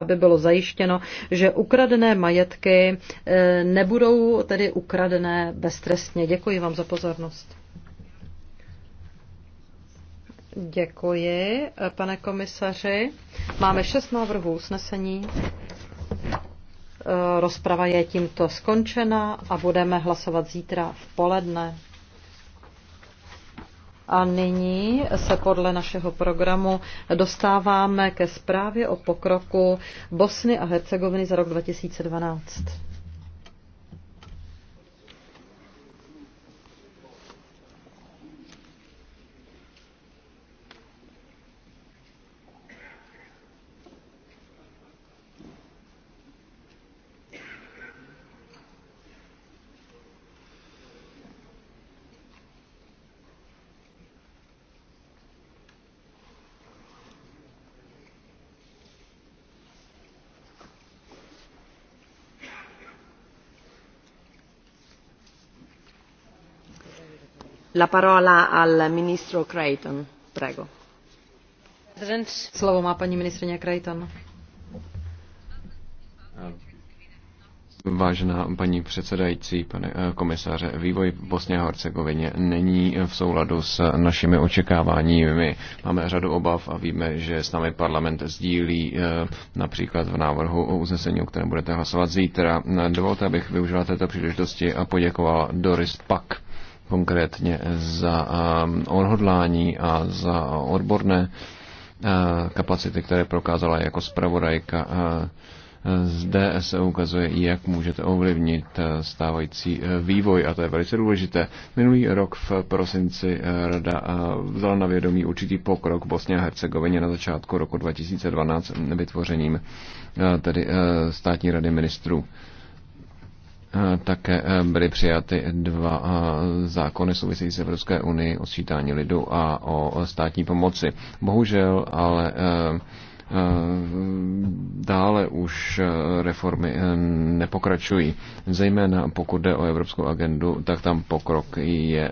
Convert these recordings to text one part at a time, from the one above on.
aby bylo zajištěno, že ukradené majetky eh, nebudou tedy ukradené beztrestně. Děkuji vám za pozornost. Děkuji, pane komisaři. Máme šest návrhů usnesení. Eh, rozprava je tímto skončena a budeme hlasovat zítra v poledne. A nyní se podle našeho programu dostáváme ke zprávě o pokroku Bosny a Hercegoviny za rok 2012. ministro Vážená paní předsedající, pane eh, komisaře, vývoj v Bosně a Hercegovině není v souladu s našimi očekáváními. Máme řadu obav a víme, že s námi parlament sdílí eh, například v návrhu o usnesení, o kterém budete hlasovat zítra. Dovolte, abych využila této příležitosti a poděkovala Doris Pack konkrétně za um, odhodlání a za odborné uh, kapacity, které prokázala jako zpravodajka. Uh, zde se ukazuje, jak můžete ovlivnit uh, stávající vývoj a to je velice důležité. Minulý rok v prosinci Rada vzala na vědomí určitý pokrok v Bosně a Hercegovině na začátku roku 2012 vytvořením tedy státní rady ministrů Eh, také eh, byly přijaty dva eh, zákony související s Evropské unii o sčítání lidu a o státní pomoci. Bohužel, ale dále už reformy nepokračují. Zejména pokud jde o evropskou agendu, tak tam pokrok je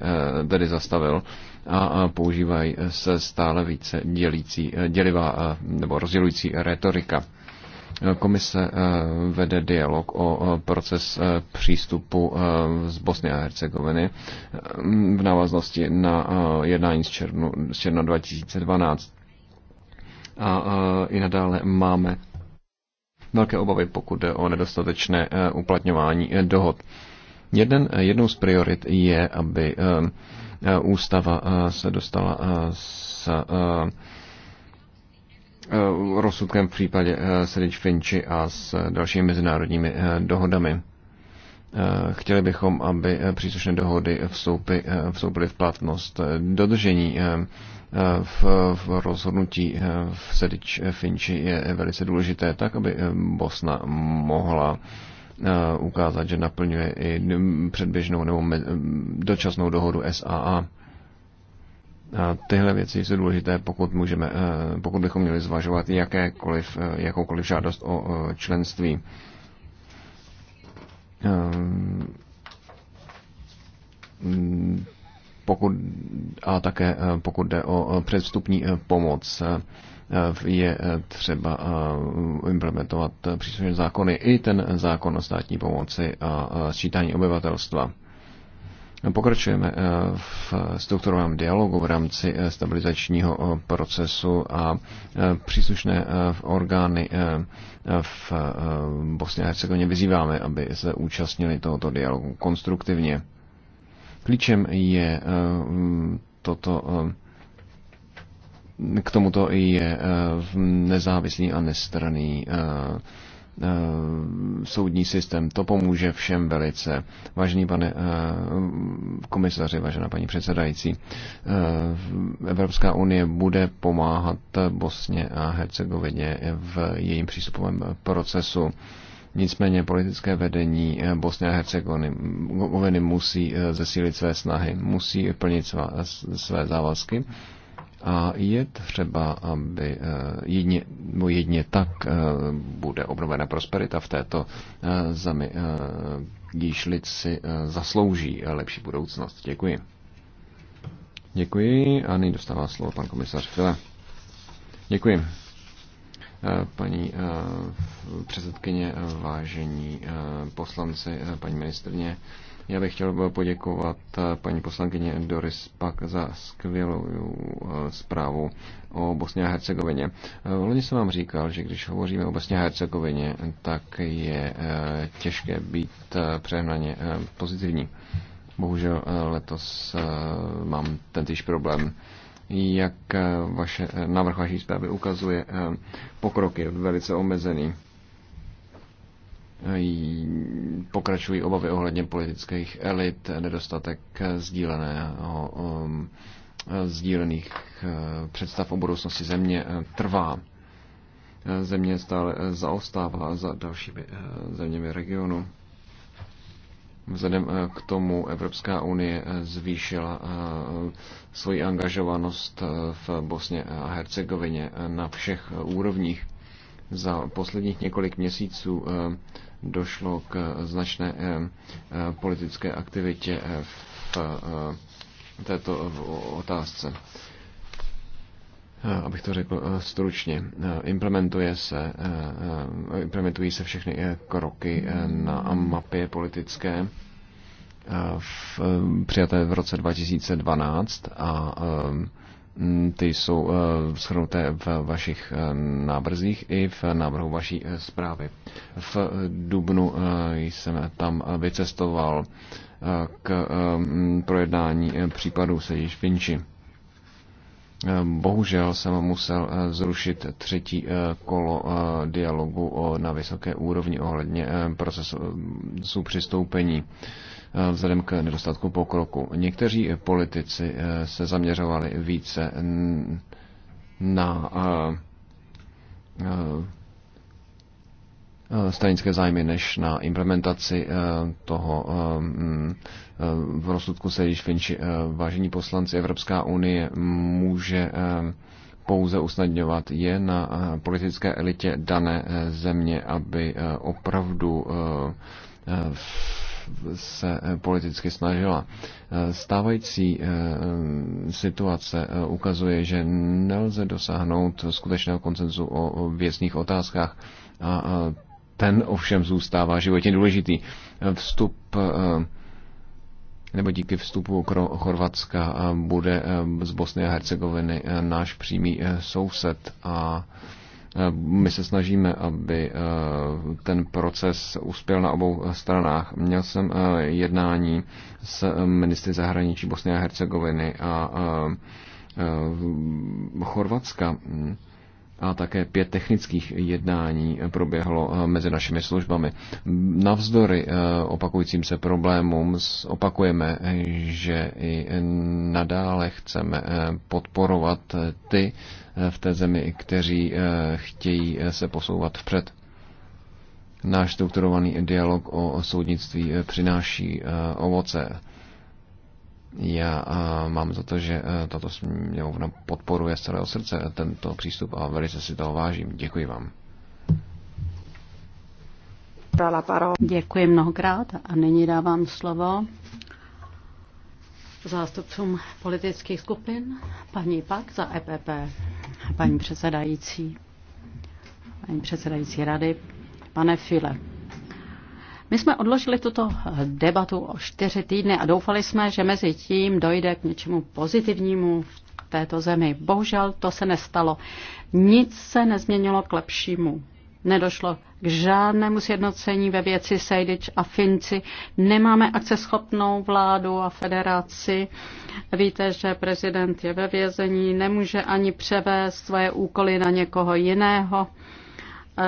tedy zastavil a používají se stále více dělící, dělivá nebo rozdělující retorika. Komise eh, vede dialog o eh, proces eh, přístupu z Bosny a Hercegoviny v návaznosti na jednání z, červnu, z června 2012. A i nadále máme velké obavy, pokud jde o nedostatečné uplatňování dohod. Jeden, jednou z priorit je, aby ústava se dostala s Eh, rozsudkem v případě eh, Sedič Finči a s dalšími mezinárodními eh, dohodami. Chtěli bychom, aby příslušné dohody vstoupy, vstoupily v platnost. Dodržení v, v rozhodnutí v Sedič Finči je velice důležité, tak aby Bosna mohla ukázat, že naplňuje i mm, předběžnou nebo mm, dočasnou dohodu SAA a tyhle věci jsou důležité, pokud, můžeme, eh, pokud bychom měli zvažovat jakékoliv, eh, jakoukoliv žádost o eh, členství. Ehm, mm, pokud, a také pokud jde o předvstupní pomoc, je třeba implementovat příslušné zákony, i ten zákon o státní pomoci a sčítání obyvatelstva. Pokračujeme eh, v strukturovém dialogu v rámci eh, stabilizačního eh, procesu a příslušné orgány v Bosně a Hercegovině vyzýváme, aby se účastnili tohoto dialogu konstruktivně. Klíčem je toto k tomuto je nezávislý a nestraný Eh, soudní systém. To pomůže všem velice. Vážený pane eh, komisaři, vážená paní předsedající, eh, Evropská unie bude pomáhat Bosně a Hercegovině v jejím přístupovém procesu. Nicméně politické vedení Bosny a Hercegoviny musí zesílit své snahy, musí plnit své závazky a je třeba, aby eh, jedně, bo no jedně tak eh, bude obnovena prosperita v této eh, zemi, když lid si zaslouží lepší budoucnost. Děkuji. Děkuji a nyní dostává slovo pan komisař File. Děkuji. Paní předsedkyně, vážení poslanci, paní ministrně, já bych chtěl poděkovat eh, paní poslankyně Doris Pak za skvělou eh, zprávu o Bosně a Hercegovině. Eh, Loni jsem vám říkal, že když hovoříme o Bosně a Hercegovině, tak je těžké být přehnaně pozitivní. Bohužel letos mám tentýž problém jak vaše, návrh vaší zprávy ukazuje, pokrok je velice omezený pokračují obavy ohledně politických elit, nedostatek sdíleného, um, sdílených eh, představ o budoucnosti země eh, trvá. Země stále eh, zaostává za dalšími zeměmi regionu. Vzhledem k tomu Evropská unie zvýšila svoji angažovanost v Bosně a Hercegovině na všech úrovních. Za posledních několik měsíců došlo k eh, značné eh, eh, politické aktivitě v této otázce. Abych to řekl stručně, implementuje se, implementují se všechny kroky na mapě politické v, přijaté v roce 2012 a Mm, ty jsou eh, shrnuté v vašich eh, návrzích i v návrhu vaší eh, zprávy. V Dubnu jsem tam vycestoval k projednání případů již Finči. Bohužel jsem musel zrušit třetí kolo dialogu na vysoké úrovni ohledně procesu přistoupení. Eh, vzhledem k nedostatku pokroku. Někteří politici eh, se zaměřovali více na eh, stranické zájmy než na implementaci toho mm, v rozsudku se již Finči. Vážení poslanci, Evropská unie může pouze usnadňovat je na politické elitě dané země, aby opravdu v se eh, politicky snažila. Eh, stávající eh, situace ukazuje, že nelze dosáhnout skutečného koncenzu o věcných otázkách a ten ovšem zůstává životně důležitý. Vstup nebo díky vstupu Chorvatska bude z Bosny a Hercegoviny náš přímý soused a Eh, my se snažíme, aby eh, ten proces uspěl na obou stranách. Měl jsem eh, jednání s ministry zahraničí Bosny a Hercegoviny a Chorvatska a také pět technických jednání proběhlo mezi našimi službami. Navzdory opakujícím se problémům opakujeme, že i nadále chceme podporovat ty v té zemi, kteří eh, chtějí eh, se posouvat vpřed. Náš strukturovaný dialog o soudnictví eh, přináší ovoce. Já mám za to, že tato sněmovna podporuje z celého srdce tento přístup a velice si toho vážím. Děkuji vám. Děkuji mnohokrát a nyní dávám slovo zástupcům politických skupin. Paní Pak za EPP paní předsedající, paní předsedající rady, pane File. My jsme odložili tuto debatu o čtyři týdny a doufali jsme, že mezi tím dojde k něčemu pozitivnímu v této zemi. Bohužel to se nestalo. Nic se nezměnilo k lepšímu. Nedošlo k žádnému sjednocení ve věci Sejdič a Finci. Nemáme akceschopnou vládu a federaci. Víte, že prezident je ve vězení, nemůže ani převést svoje úkoly na někoho jiného eh,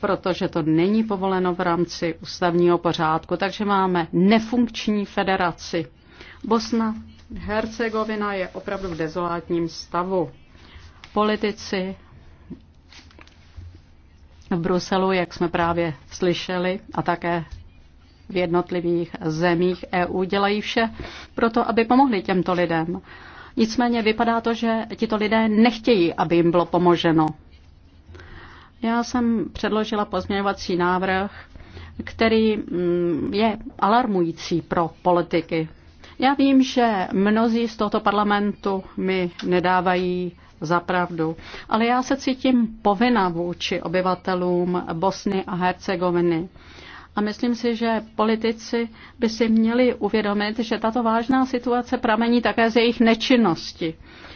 protože to není povoleno v rámci ústavního pořádku. Takže máme nefunkční federaci. Bosna Hercegovina je opravdu v dezolátním stavu. Politici v Bruselu, jak jsme právě slyšeli, a také v jednotlivých zemích EU dělají vše pro to, aby pomohli těmto lidem. Nicméně vypadá to, že tito lidé nechtějí, aby jim bylo pomoženo. Já jsem předložila pozměňovací návrh, který mm, je alarmující pro politiky. Já vím, že mnozí z tohoto parlamentu mi nedávají za pravdu. Ale já se cítím povinna vůči obyvatelům Bosny a Hercegoviny. A myslím si, že politici by si měli uvědomit, že tato vážná situace pramení také z jejich nečinnosti.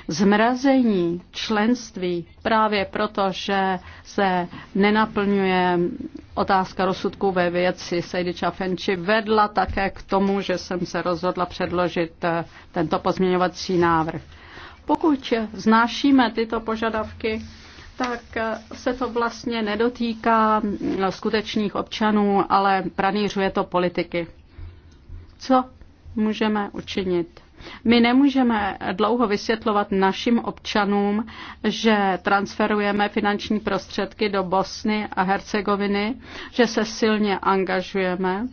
Zmrazení členství právě proto, že se nenaplňuje otázka rozsudků ve věci Sejdiča Fenči, vedla také k tomu, že jsem se rozhodla předložit eh, tento pozměňovací návrh. Pokud znášíme tyto požadavky, tak se to vlastně nedotýká skutečných občanů, ale pranířuje to politiky. Co můžeme učinit? My nemůžeme dlouho vysvětlovat našim občanům, že transferujeme finanční prostředky do Bosny a Hercegoviny, že se silně angažujeme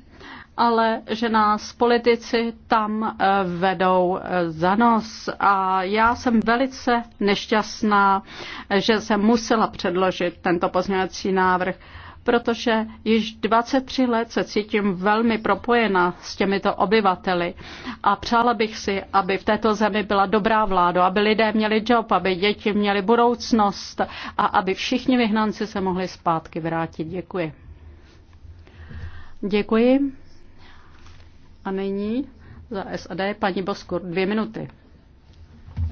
ale že nás politici tam eh, vedou eh, za nos. A já jsem velice nešťastná, že jsem musela předložit tento pozměňovací návrh, protože již 23 let se cítím velmi propojena s těmito obyvateli a přála bych si, aby v této zemi byla dobrá vláda, aby lidé měli job, aby děti měli budoucnost a aby všichni vyhnanci se mohli zpátky vrátit. Děkuji. Děkuji. A nyní za SAD paní Boskur dvě minuty.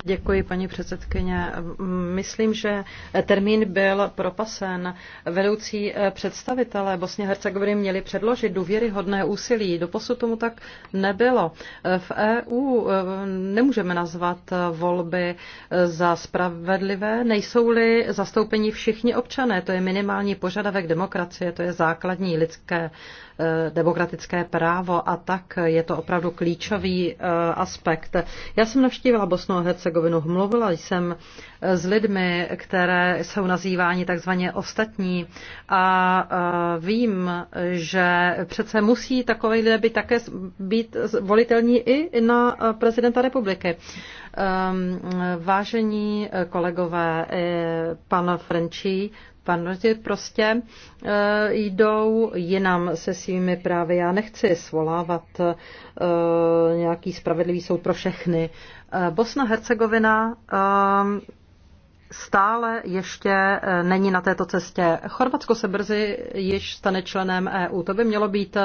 Děkuji, paní předsedkyně. Myslím, že termín byl propasen. Vedoucí představitelé Bosně a Hercegoviny měli předložit důvěryhodné úsilí. Doposud tomu tak nebylo. V EU nemůžeme nazvat volby za spravedlivé, nejsou-li zastoupení všichni občané. To je minimální požadavek demokracie, to je základní lidské Eh, demokratické právo a tak je to opravdu klíčový eh, aspekt. Já jsem navštívila Bosnu a Hercegovinu, mluvila jsem eh, s lidmi, které jsou nazýváni takzvaně ostatní a vím, že přece musí takové lidé být také být volitelní i na prezidenta republiky. Ehm, vážení kolegové, pan Frenčí partneři prostě eh, jdou jinam se svými právy. Já nechci svolávat eh, nějaký spravedlivý soud pro všechny. Eh, Bosna Hercegovina stále ještě eh, není na této cestě. Chorvatsko se brzy již stane členem EU. To by mělo být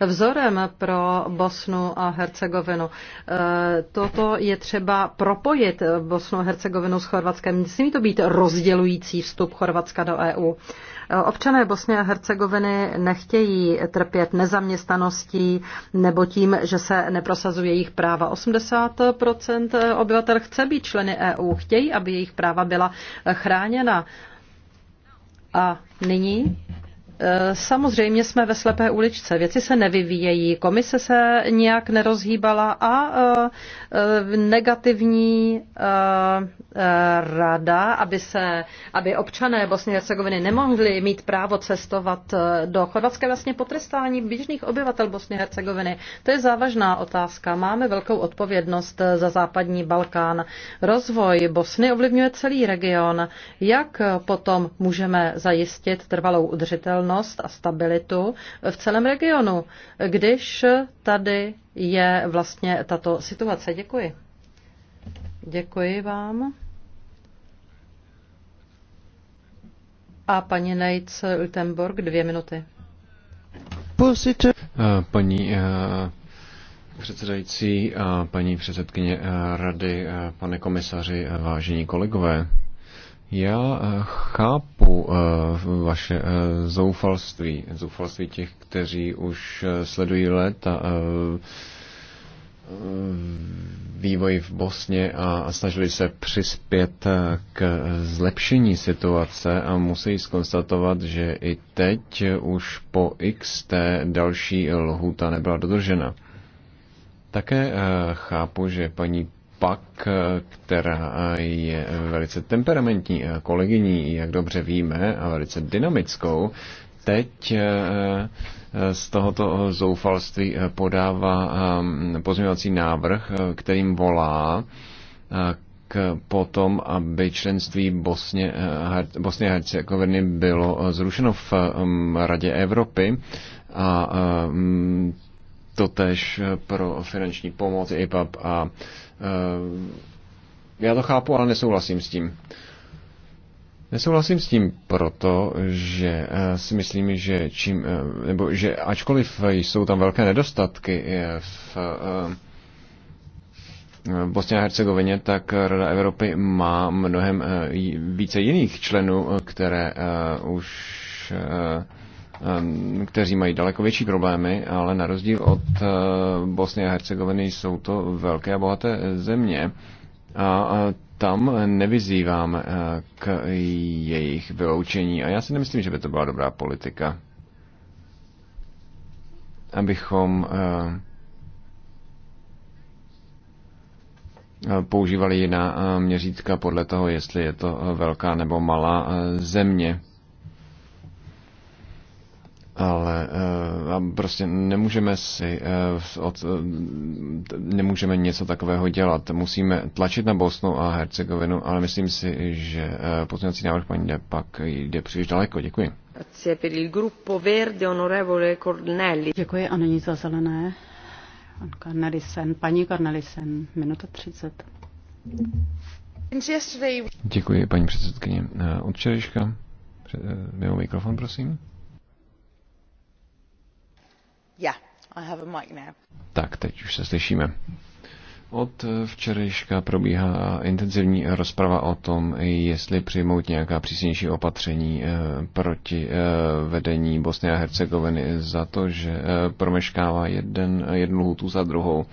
vzorem pro Bosnu a Hercegovinu. Eh, toto je třeba propojit eh, Bosnu a Hercegovinu s Chorvatskem. Nesmí to být rozdělující vstup Chorvatska do EU. Občané Bosny a Hercegoviny nechtějí trpět nezaměstnaností nebo tím, že se neprosazují jejich práva. 80 obyvatel chce být členy EU, chtějí, aby jejich práva byla chráněna. A nyní E, samozřejmě jsme ve slepé uličce, věci se nevyvíjejí, komise se nějak nerozhýbala a e, negativní e, rada, aby, se, aby občané Bosny a Hercegoviny nemohli mít právo cestovat do Chorvatska, vlastně potrestání běžných obyvatel Bosny a Hercegoviny. To je závažná otázka. Máme velkou odpovědnost za západní Balkán. Rozvoj Bosny ovlivňuje celý region. Jak potom můžeme zajistit trvalou udržitelnost? udržitelnost a stabilitu v celém regionu, když tady je vlastně tato situace. Děkuji. Děkuji vám. A paní Nejc Ultenborg, dvě minuty. Eh, paní eh, předsedající a paní předsedkyně eh, rady, pane komisaři, vážení kolegové, já eh, chápu eh, vaše eh, zoufalství, zoufalství těch, kteří už sledují léta vývoj v Bosně a snažili se přispět k zlepšení situace a musí skonstatovat, že i teď už po x té další lhůta nebyla dodržena. Také chápu, že paní pak, eh, která je velice temperamentní eh, kolegyní, jak dobře víme, a velice dynamickou, teď eh, z tohoto zoufalství podává pozměňovací návrh, kterým volá k potom, aby členství Bosně, a Hercegoviny bylo zrušeno v mm, Radě Evropy a mm, totež pro finanční pomoc IPAP a Eh, já to chápu, ale nesouhlasím s tím. Nesouhlasím s tím proto, že eh, si myslím, že čím, eh, nebo že ačkoliv jsou tam velké nedostatky v Bosně a Hercegovině, tak Rada Evropy má mnohem více jiných členů, které už Ehm, kteří mají daleko větší problémy, ale na rozdíl od eh, Bosny a Hercegoviny jsou to velké a bohaté země. A tam nevyzývám eh, k jejich vyloučení. A já si nemyslím, že by to byla dobrá politika. Abychom eh, používali jiná měřítka podle toho, jestli je to velká nebo malá země ale eh, prostě nemůžeme si eh, od, eh, nemůžeme něco takového dělat. Musíme tlačit na Bosnu a Hercegovinu, ale myslím si, že pozměňovací návrh paní jde pak jde příliš daleko. Děkuji. Děkuji a není za zelené. Karnelisen, paní Karnelisen, minuta 30. Děkuji, paní předsedkyně. Od včerejška, mimo mikrofon, prosím. Tak, teď už se slyšíme. Od včerejška probíhá intenzivní rozprava o tom, jestli přijmout nějaká přísnější opatření eh, proti eh, vedení Bosny a Hercegoviny za to, že eh, promeškává jeden, jednu lhutu za druhou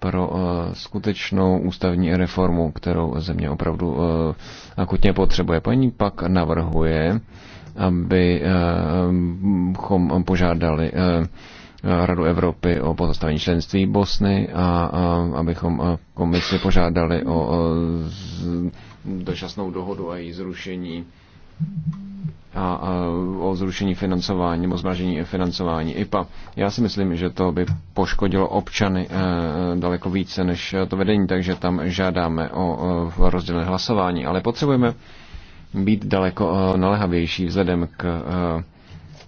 pro skutečnou ústavní reformu, kterou země opravdu akutně potřebuje. Paní pak navrhuje, abychom požádali Radu Evropy o pozastavení členství Bosny a, a abychom komisi požádali o, o dočasnou dohodu a její zrušení a, a o zrušení financování nebo zmražení financování IPA. Já si myslím, že to by poškodilo občany e, daleko více než to vedení, takže tam žádáme o, o rozdělené hlasování, ale potřebujeme být daleko e, nalehavější vzhledem k e,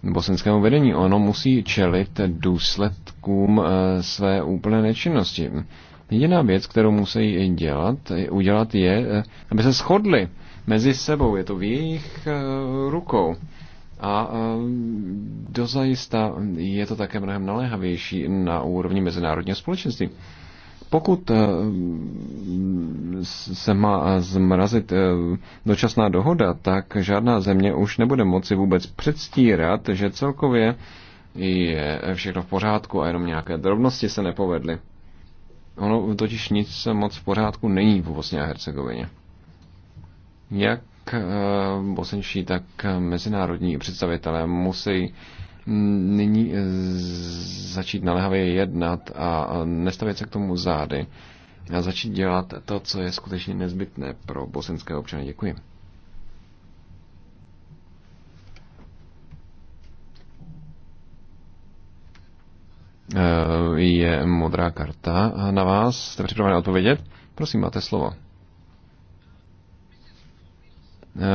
bosenskému vedení. Ono musí čelit důsledkům eh, své úplné nečinnosti. Jediná věc, kterou musí dělat, udělat je, eh, aby se shodli mezi sebou. Je to v jejich eh, rukou. A dozajista je to také mnohem naléhavější na úrovni mezinárodního společenství. Pokud eh, se má eh, zmrazit eh, dočasná dohoda, tak žádná země už nebude moci vůbec předstírat, že celkově je všechno v pořádku a jenom nějaké drobnosti se nepovedly. Ono totiž nic moc v pořádku není v Bosně a Hercegovině. Jak bosenští, tak mezinárodní představitelé musí nyní eh, začít naléhavě jednat a nestavět se k tomu zády a začít dělat to, co je skutečně nezbytné pro bosenské občany. Děkuji. Eh, je modrá karta na vás. Jste připraveni odpovědět? Prosím, máte slovo.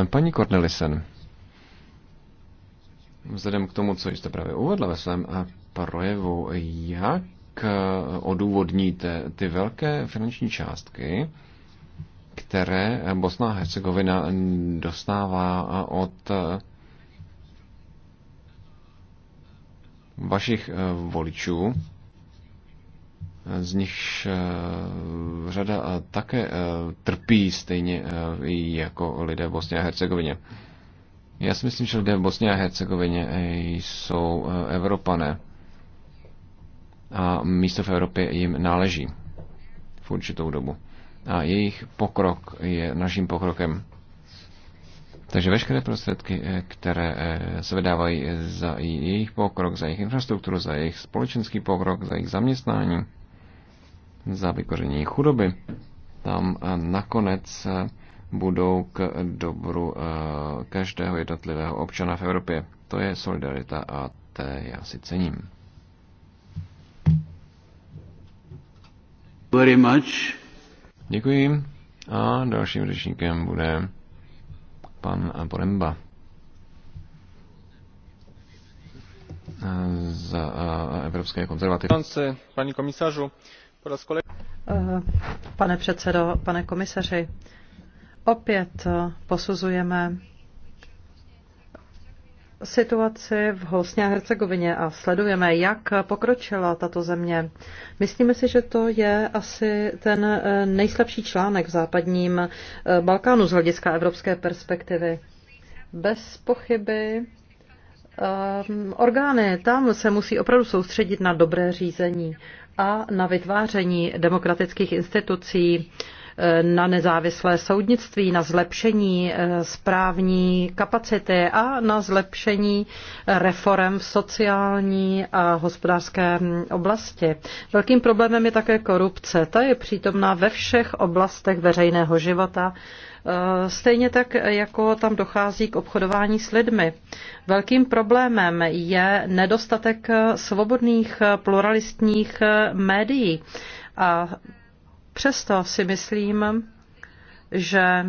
Eh, paní Cornelisen, vzhledem k tomu, co jste právě uvedla ve svém eh, projevu, jak eh, odůvodníte ty velké finanční částky, které eh, Bosna a Hercegovina dostává od vašich voličů, z nichž řada také trpí stejně jako lidé v Bosně a Hercegovině. Já si myslím, že lidé v Bosně a Hercegovině eh, jsou eh, Evropané a místo v Evropě jim náleží v určitou dobu. A jejich pokrok je naším pokrokem. Takže veškeré prostředky, eh, které se vydávají za jejich pokrok, za jejich infrastrukturu, za jejich společenský pokrok, za jejich zaměstnání, za vykoření chudoby, tam nakonec budou k dobru eh, každého jednotlivého občana v Evropě. To je solidarita a té já si cením. Very much. Děkuji. A dalším řečníkem bude pan Poremba. z eh, Evropské konzervativy. Paní komisařu, eh, Pane předsedo, pane komisaři, Opět eh, posuzujeme situaci v Hosně a Hercegovině a sledujeme, jak pokročila tato země. Myslíme si, že to je asi ten eh, nejslabší článek v západním eh, Balkánu z hlediska evropské perspektivy. Bez pochyby um, orgány tam se musí opravdu soustředit na dobré řízení a na vytváření demokratických institucí, uh, na nezávislé soudnictví, na zlepšení eh, správní kapacity a na zlepšení reform v sociální a hospodářské oblasti. Velkým problémem je také korupce. Ta je přítomná ve všech oblastech veřejného života. Eh, stejně tak, jako tam dochází k obchodování s lidmi. Velkým problémem je nedostatek svobodných pluralistních eh, médií. A Přesto si myslím, že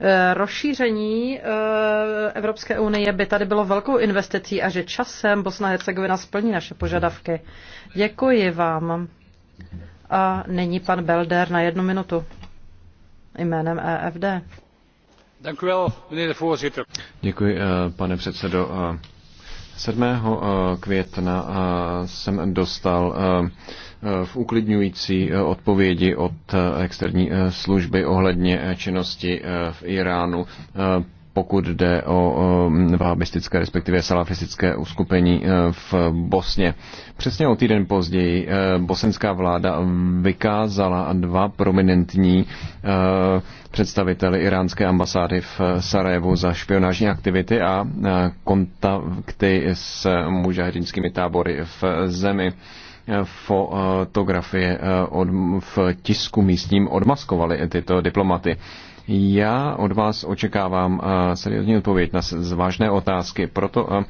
eh, Rozšíření eh, Evropské unie by tady bylo velkou investicí a že časem Bosna Hercegovina splní naše požadavky. Děkuji vám. A nyní pan Belder na jednu minutu jménem EFD. Děkuji, eh, pane předsedo. 7. Eh, května eh, jsem dostal eh, v uklidňující odpovědi od externí služby ohledně činnosti v Iránu pokud jde o vahabistické, respektive salafistické uskupení e, v Bosně. Přesně o týden později e, bosenská vláda vykázala dva prominentní e, představiteli iránské ambasády v Sarajevu za špionážní aktivity a kontakty s mužahedinskými tábory v zemi fotografie od, v tisku místním odmaskovali tyto diplomaty. Já od vás očekávám eh, seriózní odpověď na zvážné otázky, proto eh,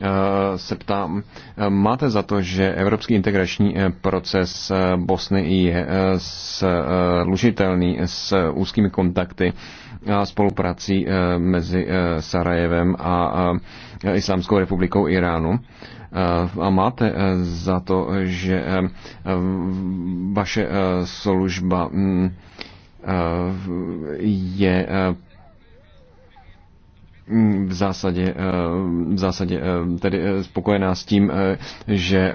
eh, se ptám, máte za to, že evropský integrační proces Bosny je služitelný s úzkými kontakty a spoluprací mezi Sarajevem a Islámskou republikou Iránu? A máte za to, že vaše služba mm, je eh, v zásadě, eh, v zásadě eh, tedy spokojená s tím, že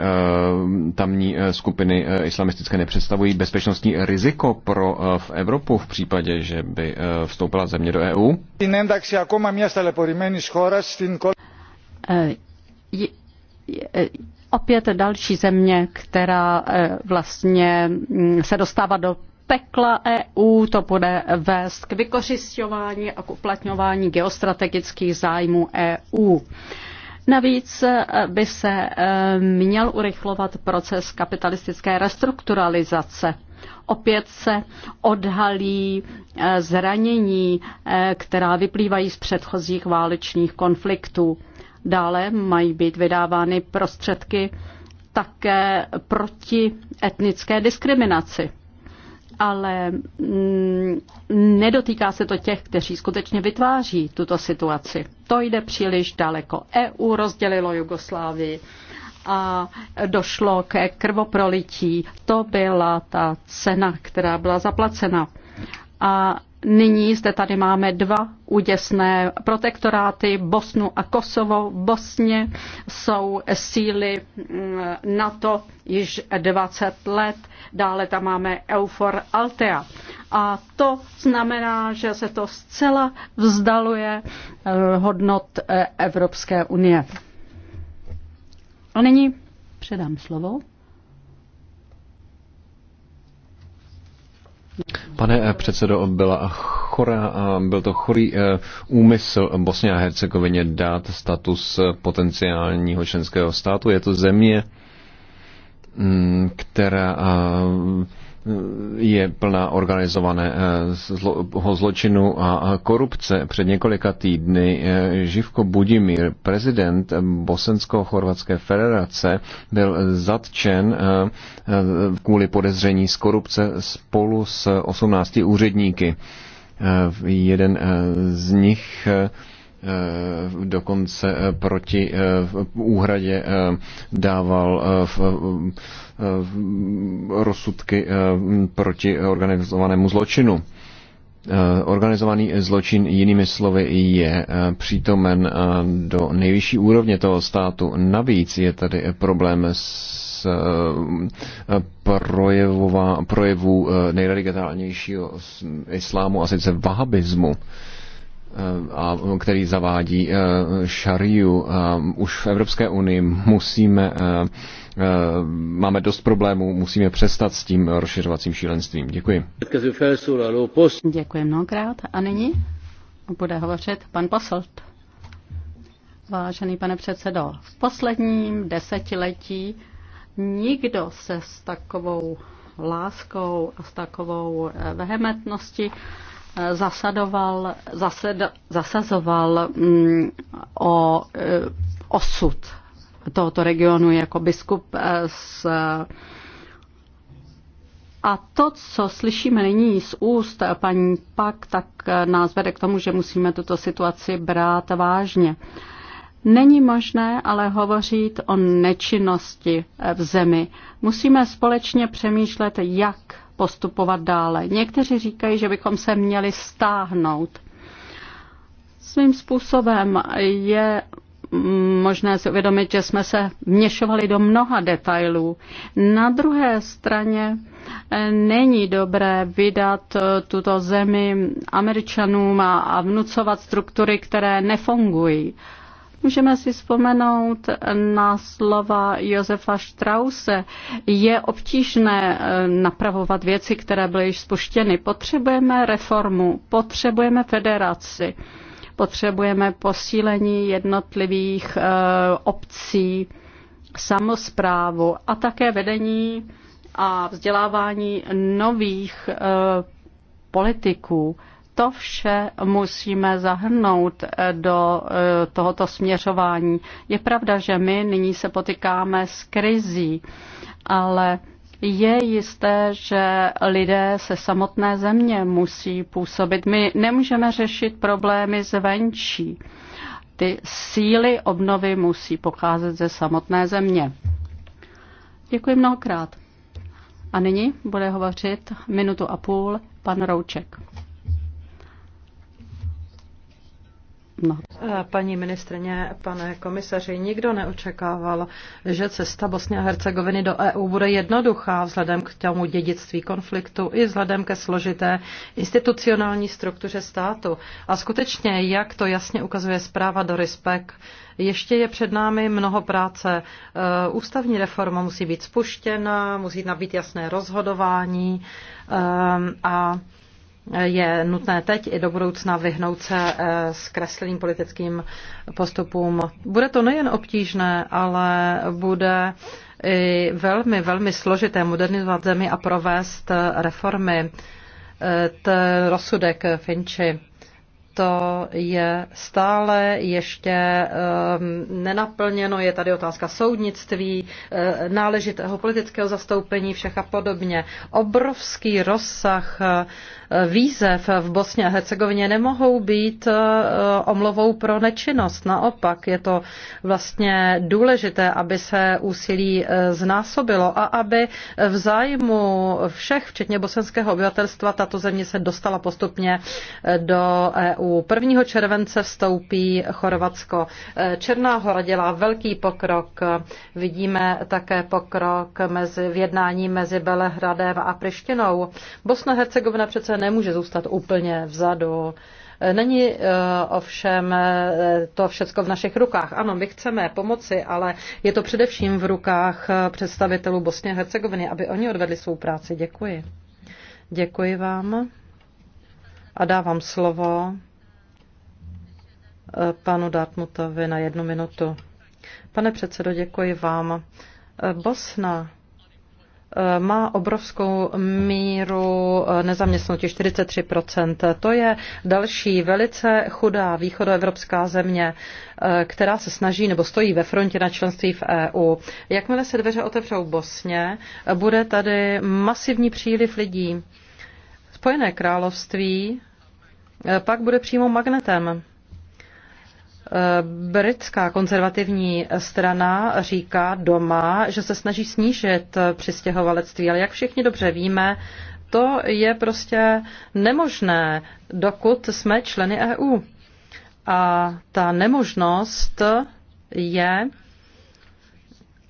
tamní skupiny islamistické nepředstavují bezpečnostní riziko pro v Evropu v případě, že by vstoupila země do EU? Je, opět další země, která vlastně mm, se dostává do pekla EU, to bude vést k vykořišťování a k uplatňování geostrategických zájmů EU. Navíc eh, by se eh, měl urychlovat proces kapitalistické restrukturalizace. Opět se odhalí eh, zranění, která vyplývají z předchozích válečných konfliktů. Dále mají být vydávány prostředky také proti etnické diskriminaci ale mm, nedotýká se to těch, kteří skutečně vytváří tuto situaci. To jde příliš daleko. EU rozdělilo Jugoslávii a došlo ke krvoprolití. To byla ta cena, která byla zaplacena. A Nyní zde tady máme dva úděsné protektoráty, Bosnu a Kosovo. V Bosně jsou síly mm, NATO již 20 let, dále tam máme Eufor Altea. A to znamená, že se to zcela vzdaluje eh, hodnot eh, Evropské unie. A nyní předám slovo. Pane eh, předsedo, byla chora, byl to chorý eh, úmysl Bosně a Hercegovině dát status eh, potenciálního členského státu. Je to země, mm, která je plná organizovaného eh, zločinu a korupce. Před několika týdny eh, Živko Budimir, prezident Bosensko-Chorvatské federace, byl zatčen eh, kvůli podezření z korupce spolu s 18 úředníky. Jeden z nich Eh, dokonce eh, proti eh, úhradě dával v rozsudky proti organizovanému zločinu. Organizovaný zločin, jinými slovy, je přítomen do nejvyšší úrovně toho státu. Navíc je tady problém s projevů nejradikálnějšího islámu, a sice vahabismu a který zavádí e, šariu. Už v Evropské unii musíme, e, e, máme dost problémů, musíme přestat s tím rozšiřovacím šílenstvím. Děkuji. Děkuji mnohokrát. A nyní bude hovořit pan Posolt. Vážený pane předsedo, v posledním desetiletí nikdo se s takovou láskou a s takovou vehementností zasadoval, zased, zasazoval mm, o e, osud tohoto regionu jako biskup e, z a to, co slyšíme nyní z úst paní Pak, tak nás vede k tomu, že musíme tuto situaci brát vážně. Není možné ale hovořit o nečinnosti v zemi. Musíme společně přemýšlet, jak postupovat dále. Někteří říkají, že bychom se měli stáhnout. Svým způsobem je možné si uvědomit, že jsme se měšovali do mnoha detailů. Na druhé straně není dobré vydat tuto zemi američanům a vnucovat struktury, které nefungují. Můžeme si vzpomenout na slova Josefa Strause. Je obtížné eh, napravovat věci, které byly již spuštěny. Potřebujeme reformu, potřebujeme federaci, potřebujeme posílení jednotlivých eh, obcí, samozprávu a také vedení a vzdělávání nových eh, politiků to vše musíme zahrnout eh, do eh, tohoto směřování. Je pravda, že my nyní se potykáme s krizí, ale je jisté, že lidé se samotné země musí působit. My nemůžeme řešit problémy zvenčí. Ty síly obnovy musí pocházet ze samotné země. Děkuji mnohokrát. A nyní bude hovořit minutu a půl pan Rouček. mnoho. Paní ministrně, pane komisaři, nikdo neočekával, že cesta Bosně a Hercegoviny do EU bude jednoduchá vzhledem k tomu dědictví konfliktu i vzhledem ke složité institucionální struktuře státu. A skutečně, jak to jasně ukazuje zpráva do RISPEC, ještě je před námi mnoho práce. E, ústavní reforma musí být spuštěna, musí nabít jasné rozhodování e, a je nutné teď i do budoucna vyhnout se s eh, kresleným politickým postupům. Bude to nejen obtížné, ale bude i velmi, velmi složité modernizovat zemi a provést eh, reformy. Eh, Ten rozsudek Finči to je stále ještě ehm, nenaplněno. Je tady otázka soudnictví, náležitého politického zastoupení, všech a podobně. Obrovský rozsah výzev v Bosně a Hercegovině nemohou být e, omlovou pro nečinnost. Naopak je to vlastně důležité, aby se úsilí e, znásobilo a aby v zájmu všech, včetně bosenského obyvatelstva, tato země se dostala postupně e, do EU. 1. července vstoupí Chorvatsko. Černá hora dělá velký pokrok. Vidíme také pokrok mezi, v jednání mezi Belehradem a Prištinou. Bosna Hercegovina přece nemůže zůstat úplně vzadu. Není eh, ovšem eh, to všechno v našich rukách. Ano, my chceme pomoci, ale je to především v rukách eh, představitelů Bosně a Hercegoviny, aby oni odvedli svou práci. Děkuji. Děkuji vám a dávám slovo panu Dartmutovi na jednu minutu. Pane předsedo, děkuji vám. Bosna Eh, má obrovskou míru eh, nezaměstnanosti 43%. To je další velice chudá východoevropská země, eh, která se snaží nebo stojí ve frontě na členství v EU. Jakmile se dveře otevřou Bosně, bude tady masivní příliv lidí. Spojené království pak bude přímo magnetem Eh, britská konzervativní strana říká doma, že se snaží snížit přistěhovalectví, ale jak všichni dobře víme, to je prostě nemožné, dokud jsme členy EU. A ta nemožnost je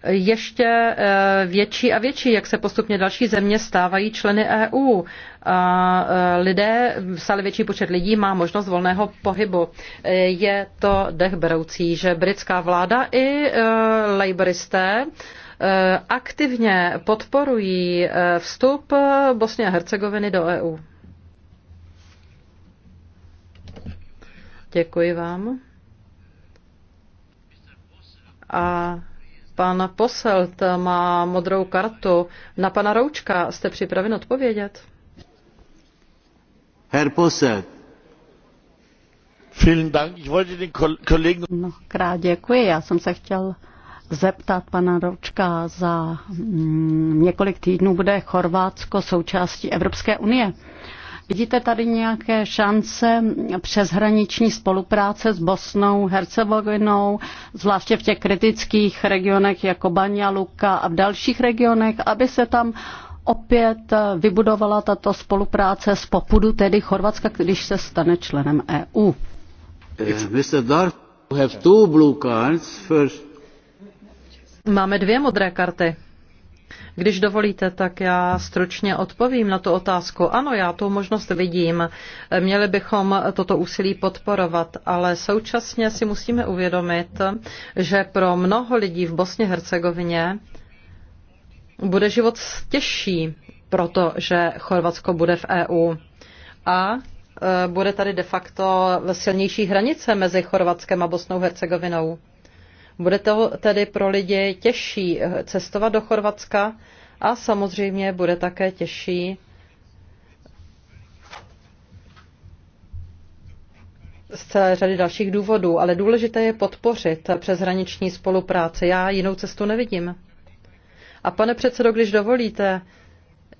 ještě eh, větší a větší, jak se postupně další země stávají členy EU. A eh, lidé, stále větší počet lidí má možnost volného pohybu. Eh, je to dechberoucí, že britská vláda i laboristé aktivně podporují vstup Bosně a Hercegoviny do EU. Děkuji vám. A Pan Poselt má modrou kartu. Na pana Roučka jste připraven odpovědět? Herr Poselt. No, krát děkuji. Já jsem se chtěl zeptat pana Ročka za mm, několik týdnů bude Chorvátsko součástí Evropské unie. Vidíte tady nějaké šance přeshraniční spolupráce s Bosnou, Hercegovinou, zvláště v těch kritických regionech jako Banja Luka a v dalších regionech, aby se tam opět vybudovala tato spolupráce z popudu, tedy Chorvatska, když se stane členem EU. Eh, Máme dvě modré karty. Když dovolíte, tak já stručně odpovím na tu otázku. Ano, já tu možnost vidím. Měli bychom toto úsilí podporovat, ale současně si musíme uvědomit, že pro mnoho lidí v Bosně-Hercegovině bude život těžší, protože Chorvatsko bude v EU. A e, bude tady de facto silnější hranice mezi Chorvatskem a Bosnou Hercegovinou. Bude to tedy pro lidi těžší eh, cestovat do Chorvatska a samozřejmě bude také těžší z celé řady dalších důvodů, ale důležité je podpořit přeshraniční spolupráci. Já jinou cestu nevidím. A pane předsedo, když dovolíte,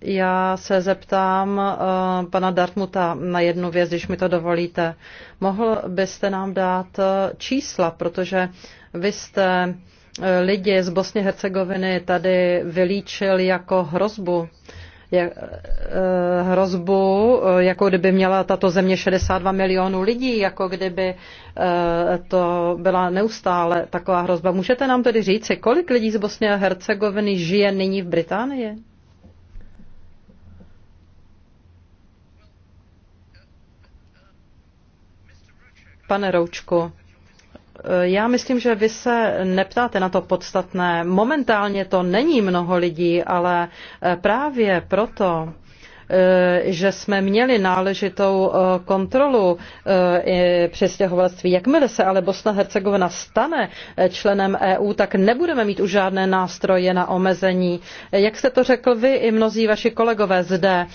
já se zeptám uh, pana Dartmuta na jednu věc, když mi to dovolíte. Mohl byste nám dát eh, čísla, protože vy jste eh, lidi z Bosny Hercegoviny tady vylíčil jako hrozbu. Je, hrozbu, jako kdyby měla tato země 62 milionů lidí, jako kdyby to byla neustále taková hrozba. Můžete nám tedy říct, kolik lidí z Bosny a Hercegoviny žije nyní v Británii? Pane Roučku, eh, já myslím, že vy se neptáte na to podstatné. Momentálně to není mnoho lidí, ale eh, právě proto, eh, že jsme měli náležitou kontrolu přestěhovalství. Jakmile se ale Bosna Hercegovina stane členem EU, tak nebudeme mít už žádné nástroje na omezení. Jak jste to řekl vy i mnozí vaši kolegové zde,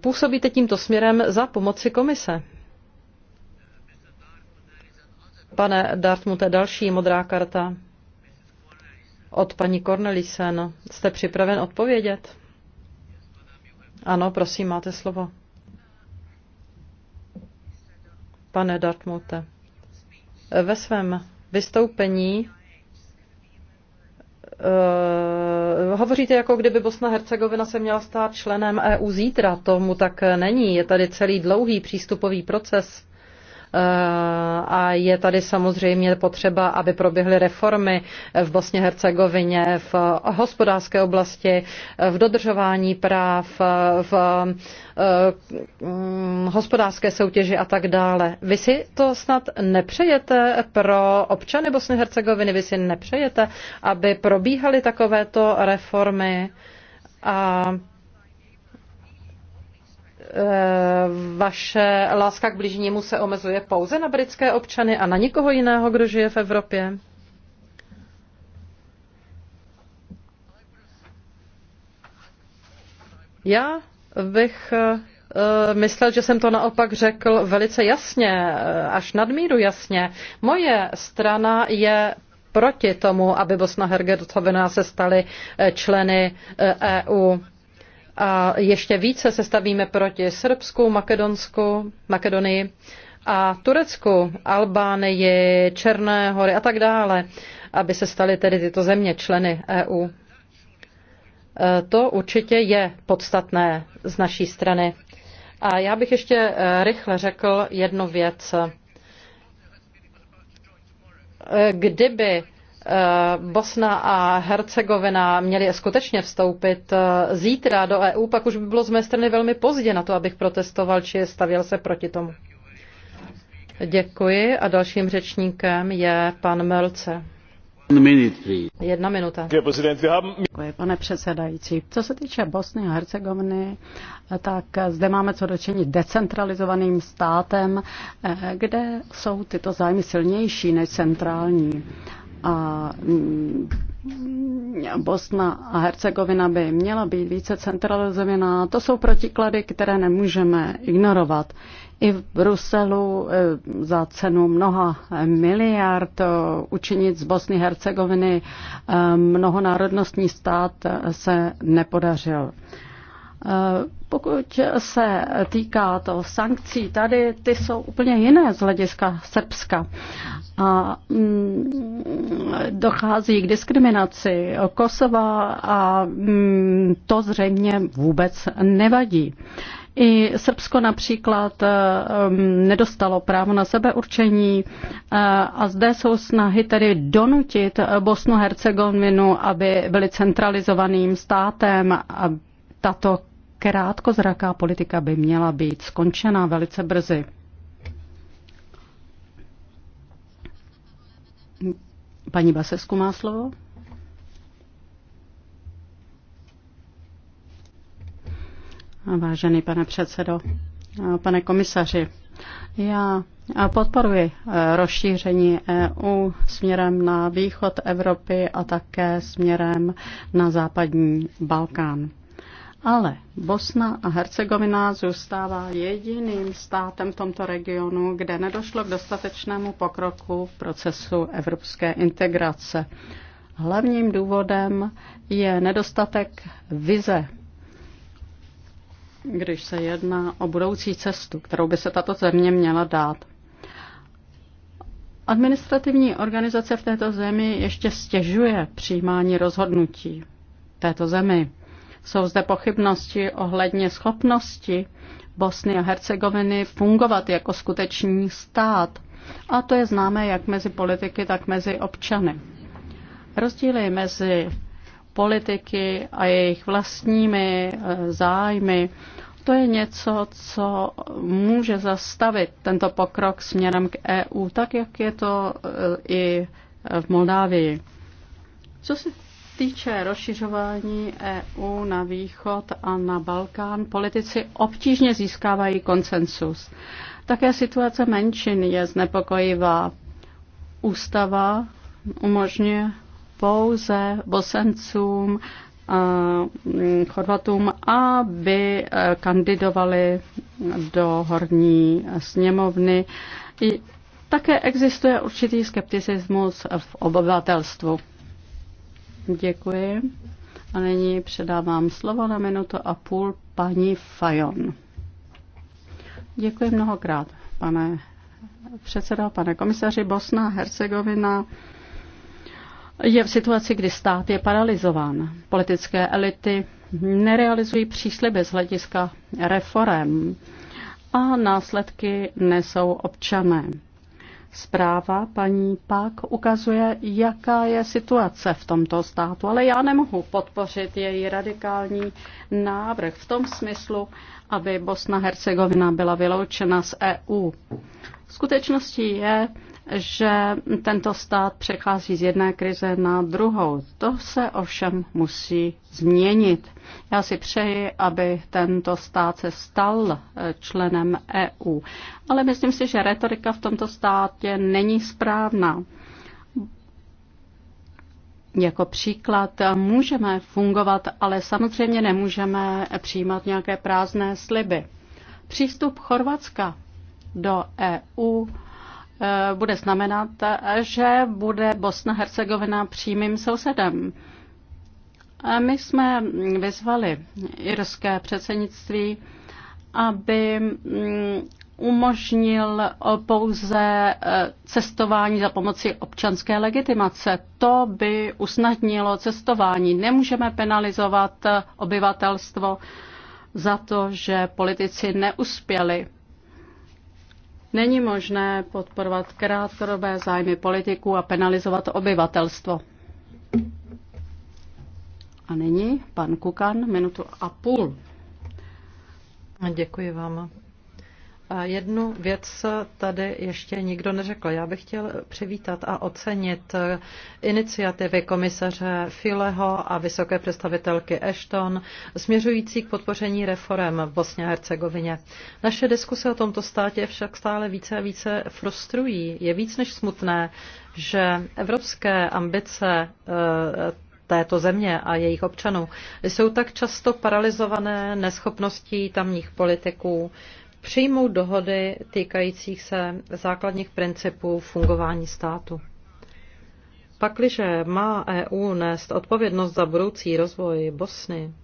působíte tímto směrem za pomoci komise. Pane Dartmute, další modrá karta od paní Cornelisen. Jste připraven odpovědět? Ano, prosím, máte slovo. Pane Dartmute, ve svém vystoupení Uh, hovoříte jako kdyby Bosna Hercegovina se měla stát členem EU zítra. Tomu tak není. Je tady celý dlouhý přístupový proces Eh, a je tady samozřejmě potřeba, aby proběhly reformy v Bosně Hercegovině, v hospodářské oblasti, v dodržování práv, v eh, mm, hospodářské soutěži a tak dále. Vy si to snad nepřejete pro občany Bosny Hercegoviny, vy si nepřejete, aby probíhaly takovéto reformy a Eh, vaše láska k blížnímu se omezuje pouze na britské občany a na nikoho jiného, kdo žije v Evropě? Já bych eh, myslel, že jsem to naopak řekl velice jasně, eh, až nadmíru jasně. Moje strana je proti tomu, aby Bosna Hergetovina se staly členy EU. E a ještě více se stavíme proti Srbsku, Makedonsku, Makedonii a Turecku, Albánii, Černé hory a tak dále, aby se staly tedy tyto země členy EU. E, to určitě je podstatné z naší strany. A já bych ještě e, rychle řekl jednu věc. E, kdyby Eh, Bosna a Hercegovina měly skutečně vstoupit eh, zítra do EU, pak už by bylo z mé strany velmi pozdě na to, abych protestoval či stavěl se proti tomu. Děkuji a dalším řečníkem je pan Melce. Jedna minuta. Děkuji, pane předsedající. Co se týče Bosny a Hercegoviny, tak zde máme co dočinit decentralizovaným státem, eh, kde jsou tyto zájmy silnější než centrální a mm, Bosna a Hercegovina by měla být více centralizovaná. To jsou protiklady, které nemůžeme ignorovat. I v Bruselu e, za cenu mnoha miliard e, učinit z Bosny Hercegoviny e, mnohonárodnostní stát se nepodařil. Eh, pokud se týká to sankcí, tady ty jsou úplně jiné z hlediska Srbska. A, mm, dochází k diskriminaci Kosova a mm, to zřejmě vůbec nevadí. I Srbsko například eh, mm, nedostalo právo na sebeurčení eh, a zde jsou snahy tedy donutit Bosnu Hercegovinu, aby byly centralizovaným státem, a tato krátkozraká politika by měla být skončena velice brzy. Paní Basesku má slovo. Vážený pane předsedo, pane komisaři, já podporuji rozšíření EU směrem na východ Evropy a také směrem na západní Balkán. Ale Bosna a Hercegovina zůstává jediným státem v tomto regionu, kde nedošlo k dostatečnému pokroku v procesu evropské integrace. Hlavním důvodem je nedostatek vize, když se jedná o budoucí cestu, kterou by se tato země měla dát. Administrativní organizace v této zemi ještě stěžuje přijímání rozhodnutí této zemi. Jsou zde pochybnosti ohledně schopnosti Bosny a Hercegoviny fungovat jako skutečný stát. A to je známé jak mezi politiky, tak mezi občany. Rozdíly mezi politiky a jejich vlastními eh, zájmy, to je něco, co může zastavit tento pokrok směrem k EU, tak jak je to eh, i v Moldávii. Co se týče rozšiřování EU na východ a na Balkán, politici obtížně získávají konsensus. Také situace menšin je znepokojivá. Ústava umožňuje pouze bosencům mm, Chorvatům, aby e, kandidovali do horní sněmovny. Také existuje určitý skepticismus v obyvatelstvu. Děkuji. A nyní předávám slovo na minutu a půl paní Fajon. Děkuji mnohokrát, pane předsedo, pane komisaři. Bosna a Hercegovina je v situaci, kdy stát je paralizován. Politické elity nerealizují přísliby z hlediska reform a následky nesou občané. Zpráva paní Pak ukazuje, jaká je situace v tomto státu, ale já nemohu podpořit její radikální návrh v tom smyslu, aby Bosna-Hercegovina byla vyloučena z EU. Skutečností je, že tento stát přechází z jedné krize na druhou. To se ovšem musí změnit. Já si přeji, aby tento stát se stal eh, členem EU, ale myslím si, že retorika v tomto státě není správná. Jako příklad eh, můžeme fungovat, ale samozřejmě nemůžeme přijímat nějaké prázdné sliby. Přístup Chorvatska do EU e, bude znamenat, že bude Bosna-Hercegovina přímým sousedem. A my jsme vyzvali irské předsednictví, aby mm, umožnil pouze e, cestování za pomoci občanské legitimace. To by usnadnilo cestování. Nemůžeme penalizovat obyvatelstvo za to, že politici neuspěli Není možné podporovat krátkodobé zájmy politiků a penalizovat obyvatelstvo. A nyní pan Kukan, minutu a půl. Děkuji vám, a jednu věc tady ještě nikdo neřekl. Já bych chtěl přivítat a ocenit iniciativy komisaře Fileho a vysoké představitelky Ashton směřující k podpoření reform v Bosně a Hercegovině. Naše diskuse o tomto státě však stále více a více frustrují. Je víc než smutné, že evropské ambice eh, této země a jejich občanů jsou tak často paralizované neschopností tamních politiků přijmout dohody týkajících se základních principů fungování státu. Pakliže má EU nést odpovědnost za budoucí rozvoj Bosny,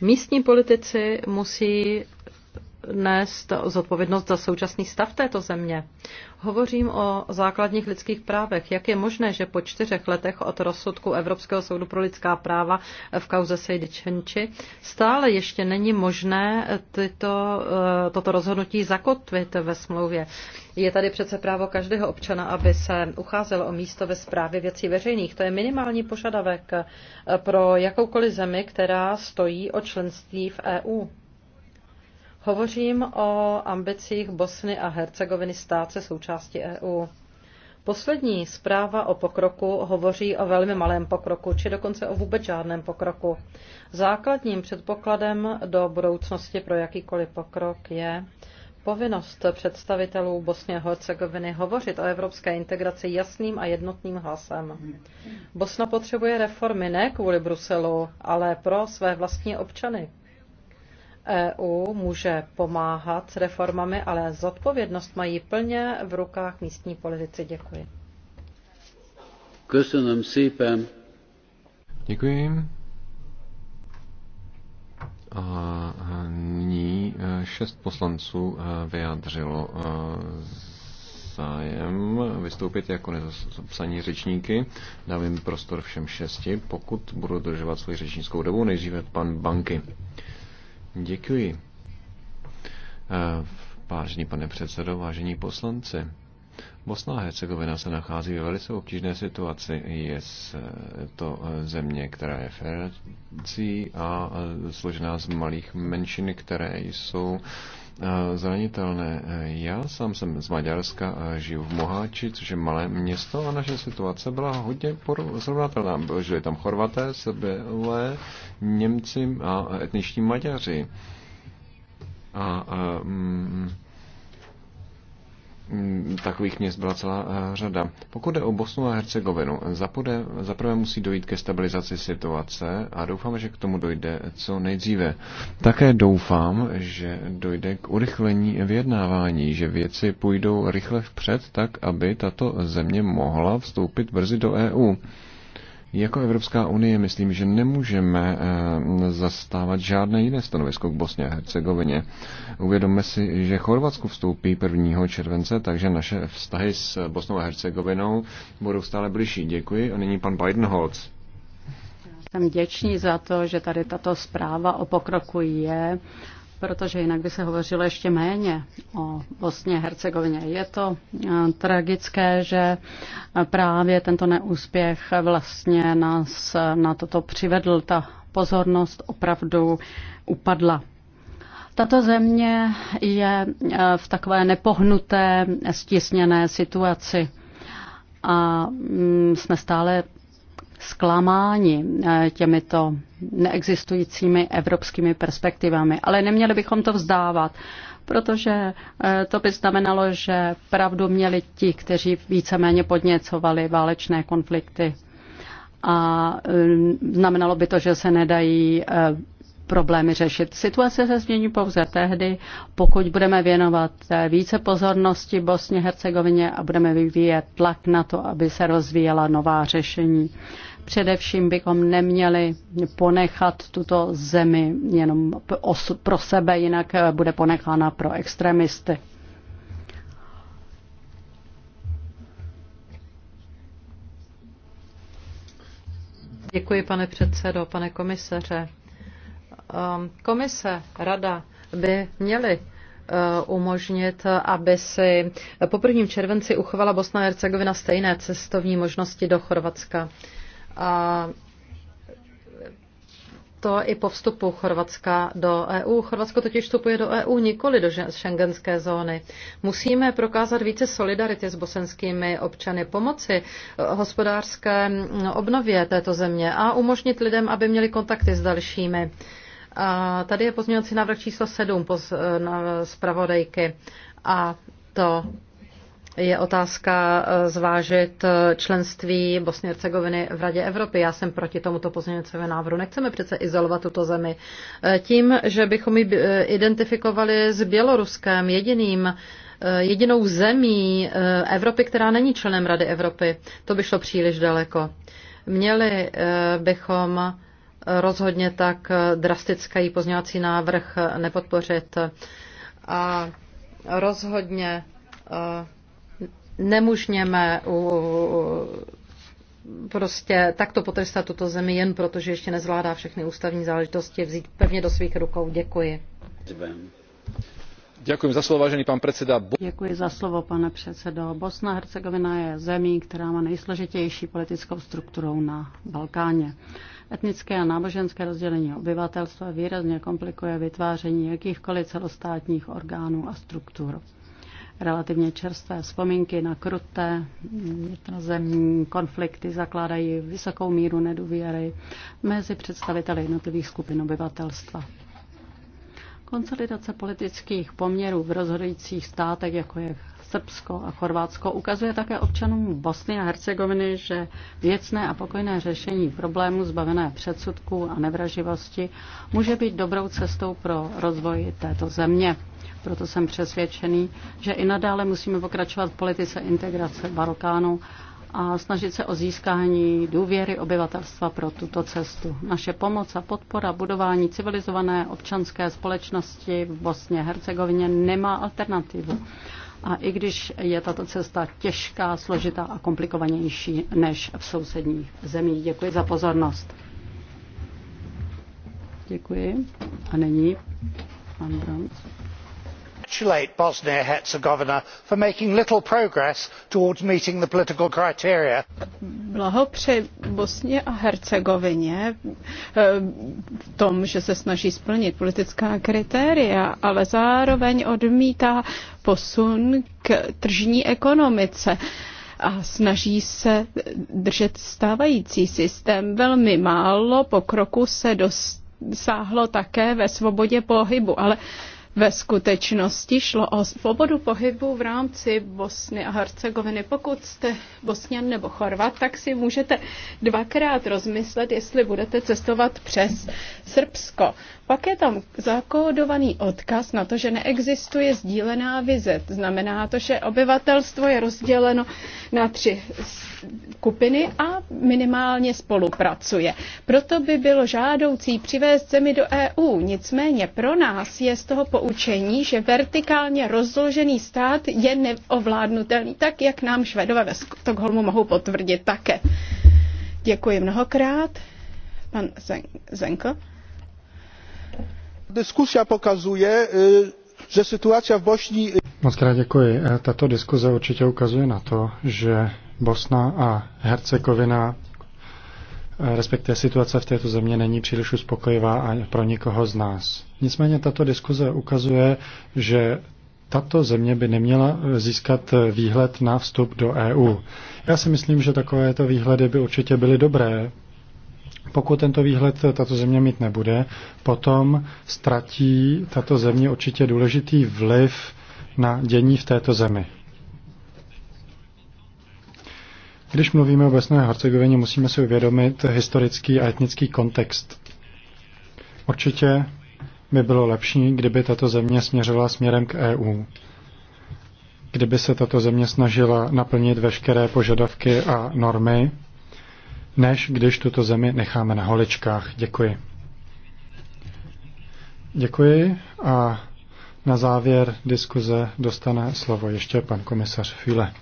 místní politici musí nést zodpovědnost za současný stav této země. Hovořím o základních lidských právech. Jak je možné, že po čtyřech letech od rozsudku Evropského soudu pro lidská práva v kauze Sejdy Čenči stále ještě není možné tyto, eh, toto rozhodnutí zakotvit ve smlouvě? Je tady přece právo každého občana, aby se ucházel o místo ve zprávě věcí veřejných. To je minimální požadavek eh, pro jakoukoliv zemi, která stojí o členství v EU. Hovořím o ambicích Bosny a Hercegoviny stát se součástí EU. Poslední zpráva o pokroku hovoří o velmi malém pokroku, či dokonce o vůbec žádném pokroku. Základním předpokladem do budoucnosti pro jakýkoliv pokrok je povinnost představitelů Bosny a Hercegoviny hovořit o evropské integraci jasným a jednotným hlasem. Bosna potřebuje reformy ne kvůli Bruselu, ale pro své vlastní občany. EU může pomáhat s reformami, ale zodpovědnost mají plně v rukách místní politici. Děkuji. Děkuji. A e, nyní e, šest poslanců e, vyjádřilo zájem vystoupit jako nezapsaní řečníky. Dám jim prostor všem šesti, pokud budou dodržovat svoji řečnickou dobu. Nejdříve pan Banky. Děkuji. Eh, vážení pane předsedo, vážení poslanci, Bosna a Hercegovina se nachází ve velice obtížné situaci. Je eh, to eh, země, která je federací a složená z malých menšin, které jsou uh, Eh, zranitelné. Eh, já sám jsem z Maďarska a eh, žiju v Moháči, což je malé město a naše situace byla hodně srovnatelná. Žili tam Chorvaté, Sebelé, Němci a etniční Maďaři. A, a mm, Mm, takových měst byla celá eh, řada. Pokud jde o Bosnu a Hercegovinu, zaprvé musí dojít ke stabilizaci situace a doufám, že k tomu dojde co nejdříve. Také doufám, že dojde k urychlení vyjednávání, že věci půjdou rychle vpřed, tak aby tato země mohla vstoupit brzy do EU. Jako Evropská unie myslím, že nemůžeme eh, zastávat žádné jiné stanovisko k Bosně a Hercegovině. Uvědomme si, že Chorvatsko vstoupí 1. července, takže naše vztahy s Bosnou a Hercegovinou budou stále bližší. Děkuji. A nyní pan Biden Bidenholz. Jsem děčný za to, že tady tato zpráva o pokroku je protože jinak by se hovořilo ještě méně o Bosně Hercegovině. Je to eh, tragické, že eh, právě tento neúspěch vlastně nás eh, na toto přivedl. Ta pozornost opravdu upadla. Tato země je v takové nepohnuté, stisněné situaci a mm, jsme stále zklamáni eh, těmito neexistujícími evropskými perspektivami. Ale neměli bychom to vzdávat, protože eh, to by znamenalo, že pravdu měli ti, kteří víceméně podněcovali válečné konflikty. A eh, znamenalo by to, že se nedají problémy řešit. Situace se změní pouze tehdy, pokud budeme věnovat eh, více pozornosti Bosně Hercegovině a budeme vyvíjet tlak na to, aby se rozvíjela nová řešení. Především bychom neměli ponechat tuto zemi jenom pro sebe, jinak eh, bude ponechána pro extremisty. Děkuji, pane předsedo, pane komisaře. Ehm, komise, rada by měly eh, umožnit, aby si po prvním červenci uchovala Bosna a Hercegovina stejné cestovní možnosti do Chorvatska. A to i po vstupu Chorvatska do EU. Chorvatsko totiž vstupuje do EU nikoli do šengenské zóny. Musíme prokázat více solidarity s bosenskými občany, pomoci eh, hospodářské mm, obnově této země a umožnit lidem, aby měli kontakty s dalšími. A tady je pozměňovací návrh číslo 7 poz, na, zpravodajky. A to je otázka e, zvážit e, členství Bosny a Hercegoviny v Radě Evropy. Já jsem proti tomuto pozměňovacímu návrhu. Nechceme přece izolovat tuto zemi. E, tím, že bychom ji identifikovali s Běloruskem, jediným jedinou zemí Evropy, která není členem Rady Evropy, to by šlo příliš daleko. Měli bychom rozhodně tak drastický pozměňovací návrh nepodpořit. A rozhodně eh, nemůžeme prostě takto potrestat tuto zemi jen proto, že ještě nezvládá všechny ústavní záležitosti vzít pevně do svých rukou. Děkuji. Děkuji za slovo, vážený pan předseda. Děkuji za slovo, pane předsedo. Bosna Hercegovina je zemí, která má nejsložitější politickou strukturou na Balkáně. Etnické a náboženské rozdělení obyvatelstva výrazně komplikuje vytváření jakýchkoliv celostátních orgánů a struktur. Relativně čerstvé vzpomínky na kruté zemní konflikty zakládají vysokou míru nedůvěry mezi představiteli jednotlivých skupin obyvatelstva. Konsolidace politických poměrů v rozhodujících státech, jako je Srbsko a Chorvatsko, ukazuje také občanům Bosny a Hercegoviny, že věcné a pokojné řešení problému zbavené předsudků a nevraživosti může být dobrou cestou pro rozvoj této země. Proto jsem přesvědčený, že i nadále musíme pokračovat v politice integrace Balkánu a snažit se o získání důvěry obyvatelstva pro tuto cestu. Naše pomoc a podpora budování civilizované občanské společnosti v Bosně a Hercegovině nemá alternativu. A i když je tato cesta těžká, složitá a komplikovanější než v sousedních zemích. Děkuji za pozornost. Děkuji. A není pan Bronz congratulate bosnia and herzegovina for making little progress towards meeting the political criteria. blahopřeji bosně a hercegovině eh, v tom že se snaží splnit politická kritéria ale zároveň odmítá posun k tržní ekonomice a snaží se držet stávající systém. Velmi málo pokroku se dosáhlo také ve svobodě pohybu, ale ve skutečnosti šlo o svobodu pohybu v rámci Bosny a Hercegoviny. Pokud jste Bosňan nebo Chorvat, tak si můžete dvakrát rozmyslet, jestli budete cestovat přes Srbsko. Pak je tam zakódovaný odkaz na to, že neexistuje sdílená vize. Znamená to, že obyvatelstvo je rozděleno na tři skupiny a minimálně spolupracuje. Proto by bylo žádoucí přivést zemi do EU. Nicméně pro nás je z toho poučení, že vertikálně rozložený stát je neovládnutelný, tak jak nám Švedové ve Stockholmu mohou potvrdit také. Děkuji mnohokrát. Pan Zenko dyskusja pokazuje, že situace v Bosni... Moc krát děkuji. E, tato diskuze určitě ukazuje na to, že Bosna a Hercegovina e, respektive situace v této země není příliš uspokojivá a pro nikoho z nás. Nicméně tato diskuze ukazuje, že tato země by neměla e, získat výhled na vstup do EU. Já si myslím, že takovéto výhledy by určitě byly dobré pokud tento výhled tato země mít nebude, potom ztratí tato země určitě důležitý vliv na dění v této zemi. Když mluvíme o Bosně a Hercegovině, musíme si uvědomit historický a etnický kontext. Určitě by bylo lepší, kdyby tato země směřila směrem k EU. Kdyby se tato země snažila naplnit veškeré požadavky a normy, než když tuto zemi necháme na holičkách. Děkuji. Děkuji a na závěr diskuze dostane slovo ještě pan komisař File.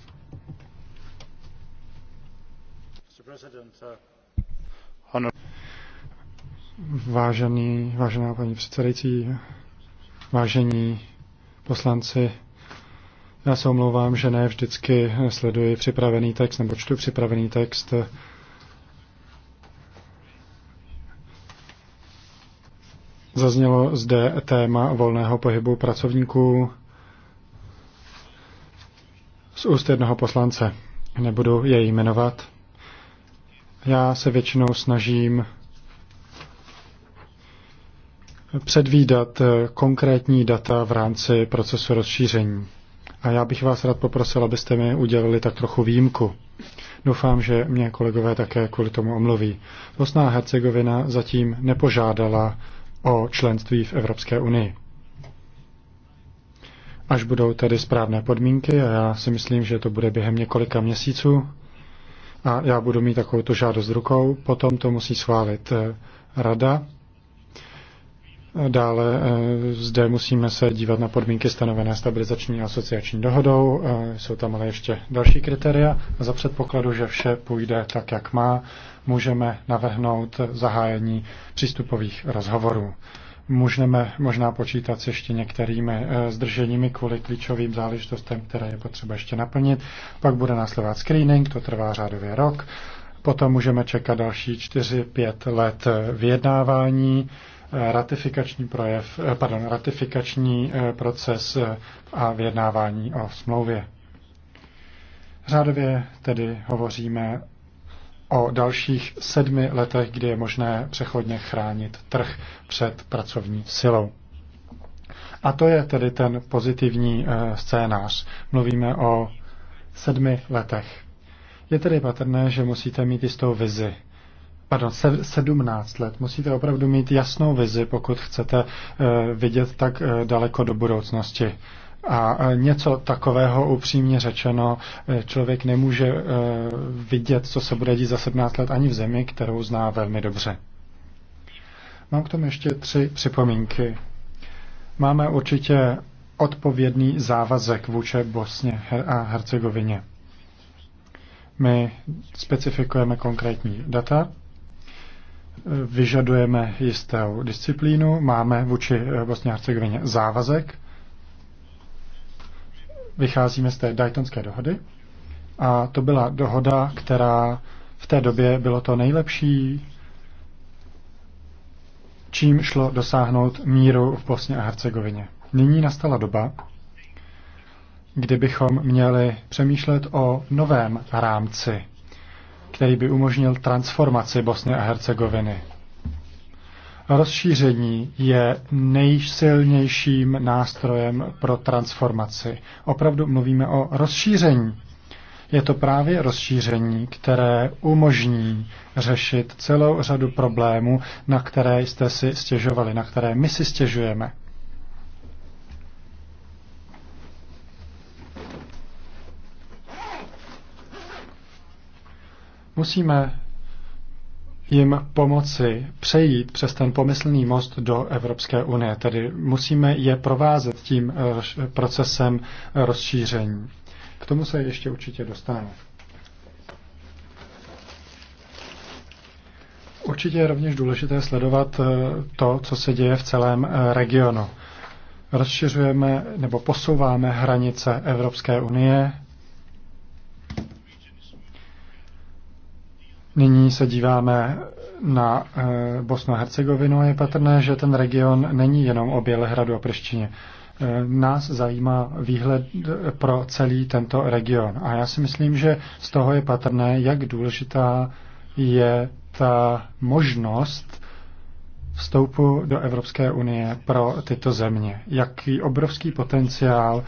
Vážený, vážená paní předsedající, vážení poslanci, já se omlouvám, že ne vždycky sleduji připravený text nebo čtu připravený text. Zaznělo zde téma volného pohybu pracovníků z úst jednoho poslance. Nebudu jej jmenovat. Já se většinou snažím předvídat konkrétní data v rámci procesu rozšíření. A já bych vás rád poprosil, abyste mi udělali tak trochu výjimku. Doufám, že mě kolegové také kvůli tomu omluví. Bosná Hercegovina zatím nepožádala o členství v Evropské unii. Až budou tedy správné podmínky, a já si myslím, že to bude během několika měsíců, a já budu mít takovou tu žádost rukou, potom to musí schválit eh, Rada Dále eh, zde musíme se dívat na podmínky stanovené stabilizační a asociační dohodou. Eh, jsou tam ale ještě další kritéria. Za předpokladu, že vše půjde tak, jak má, můžeme navrhnout zahájení přístupových rozhovorů. Můžeme možná počítat s ještě některými eh, zdrženími kvůli klíčovým záležitostem, které je potřeba ještě naplnit. Pak bude následovat screening, to trvá řádově rok. Potom můžeme čekat další 4-5 let vyjednávání ratifikační, projev, eh, pardon, ratifikační eh, proces eh, a vyjednávání o smlouvě. Řádově tedy hovoříme o dalších sedmi letech, kdy je možné přechodně chránit trh před pracovní silou. A to je tedy ten pozitivní scénář. Mluvíme o sedmi letech. Je tedy patrné, že musíte mít jistou vizi pardon, 17 let. Musíte opravdu mít jasnou vizi, pokud chcete eh, vidět tak eh, daleko do budoucnosti. A eh, něco takového, upřímně řečeno, člověk nemůže vidět, co se bude dít za 17 let ani v zemi, kterou zná velmi dobře. Mám k tomu ještě tři připomínky. Máme určitě odpovědný závazek vůči Bosně a Hercegovině. My specifikujeme konkrétní data, vyžadujeme jistou disciplínu, máme vůči eh, Bosně a Hercegovině závazek, vycházíme z té Daytonské dohody a to byla dohoda, která v té době bylo to nejlepší, čím šlo dosáhnout míru v Bosně a Hercegovině. Nyní nastala doba, kdy bychom měli přemýšlet o novém rámci který by umožnil transformaci Bosny a Hercegoviny. Rozšíření je nejsilnějším nástrojem pro transformaci. Opravdu mluvíme o rozšíření. Je to právě rozšíření, které umožní řešit celou řadu problémů, na které jste si stěžovali, na které my si stěžujeme. Musíme jim pomoci přejít přes ten pomyslný most do Evropské unie. Tedy musíme je provázet tím eh, procesem eh, rozšíření. K tomu se ještě určitě dostanu. Určitě je rovněž důležité sledovat eh, to, co se děje v celém regionu. Rozšiřujeme nebo posouváme hranice Evropské unie Nyní se díváme na e, eh, Bosnu a Hercegovinu a je patrné, že ten region není jenom o Bělehradu a Prštině. E, eh, nás zajímá výhled eh, pro celý tento region. A já si myslím, že z toho je patrné, jak důležitá je ta možnost vstoupu do Evropské unie pro tyto země. Jaký obrovský potenciál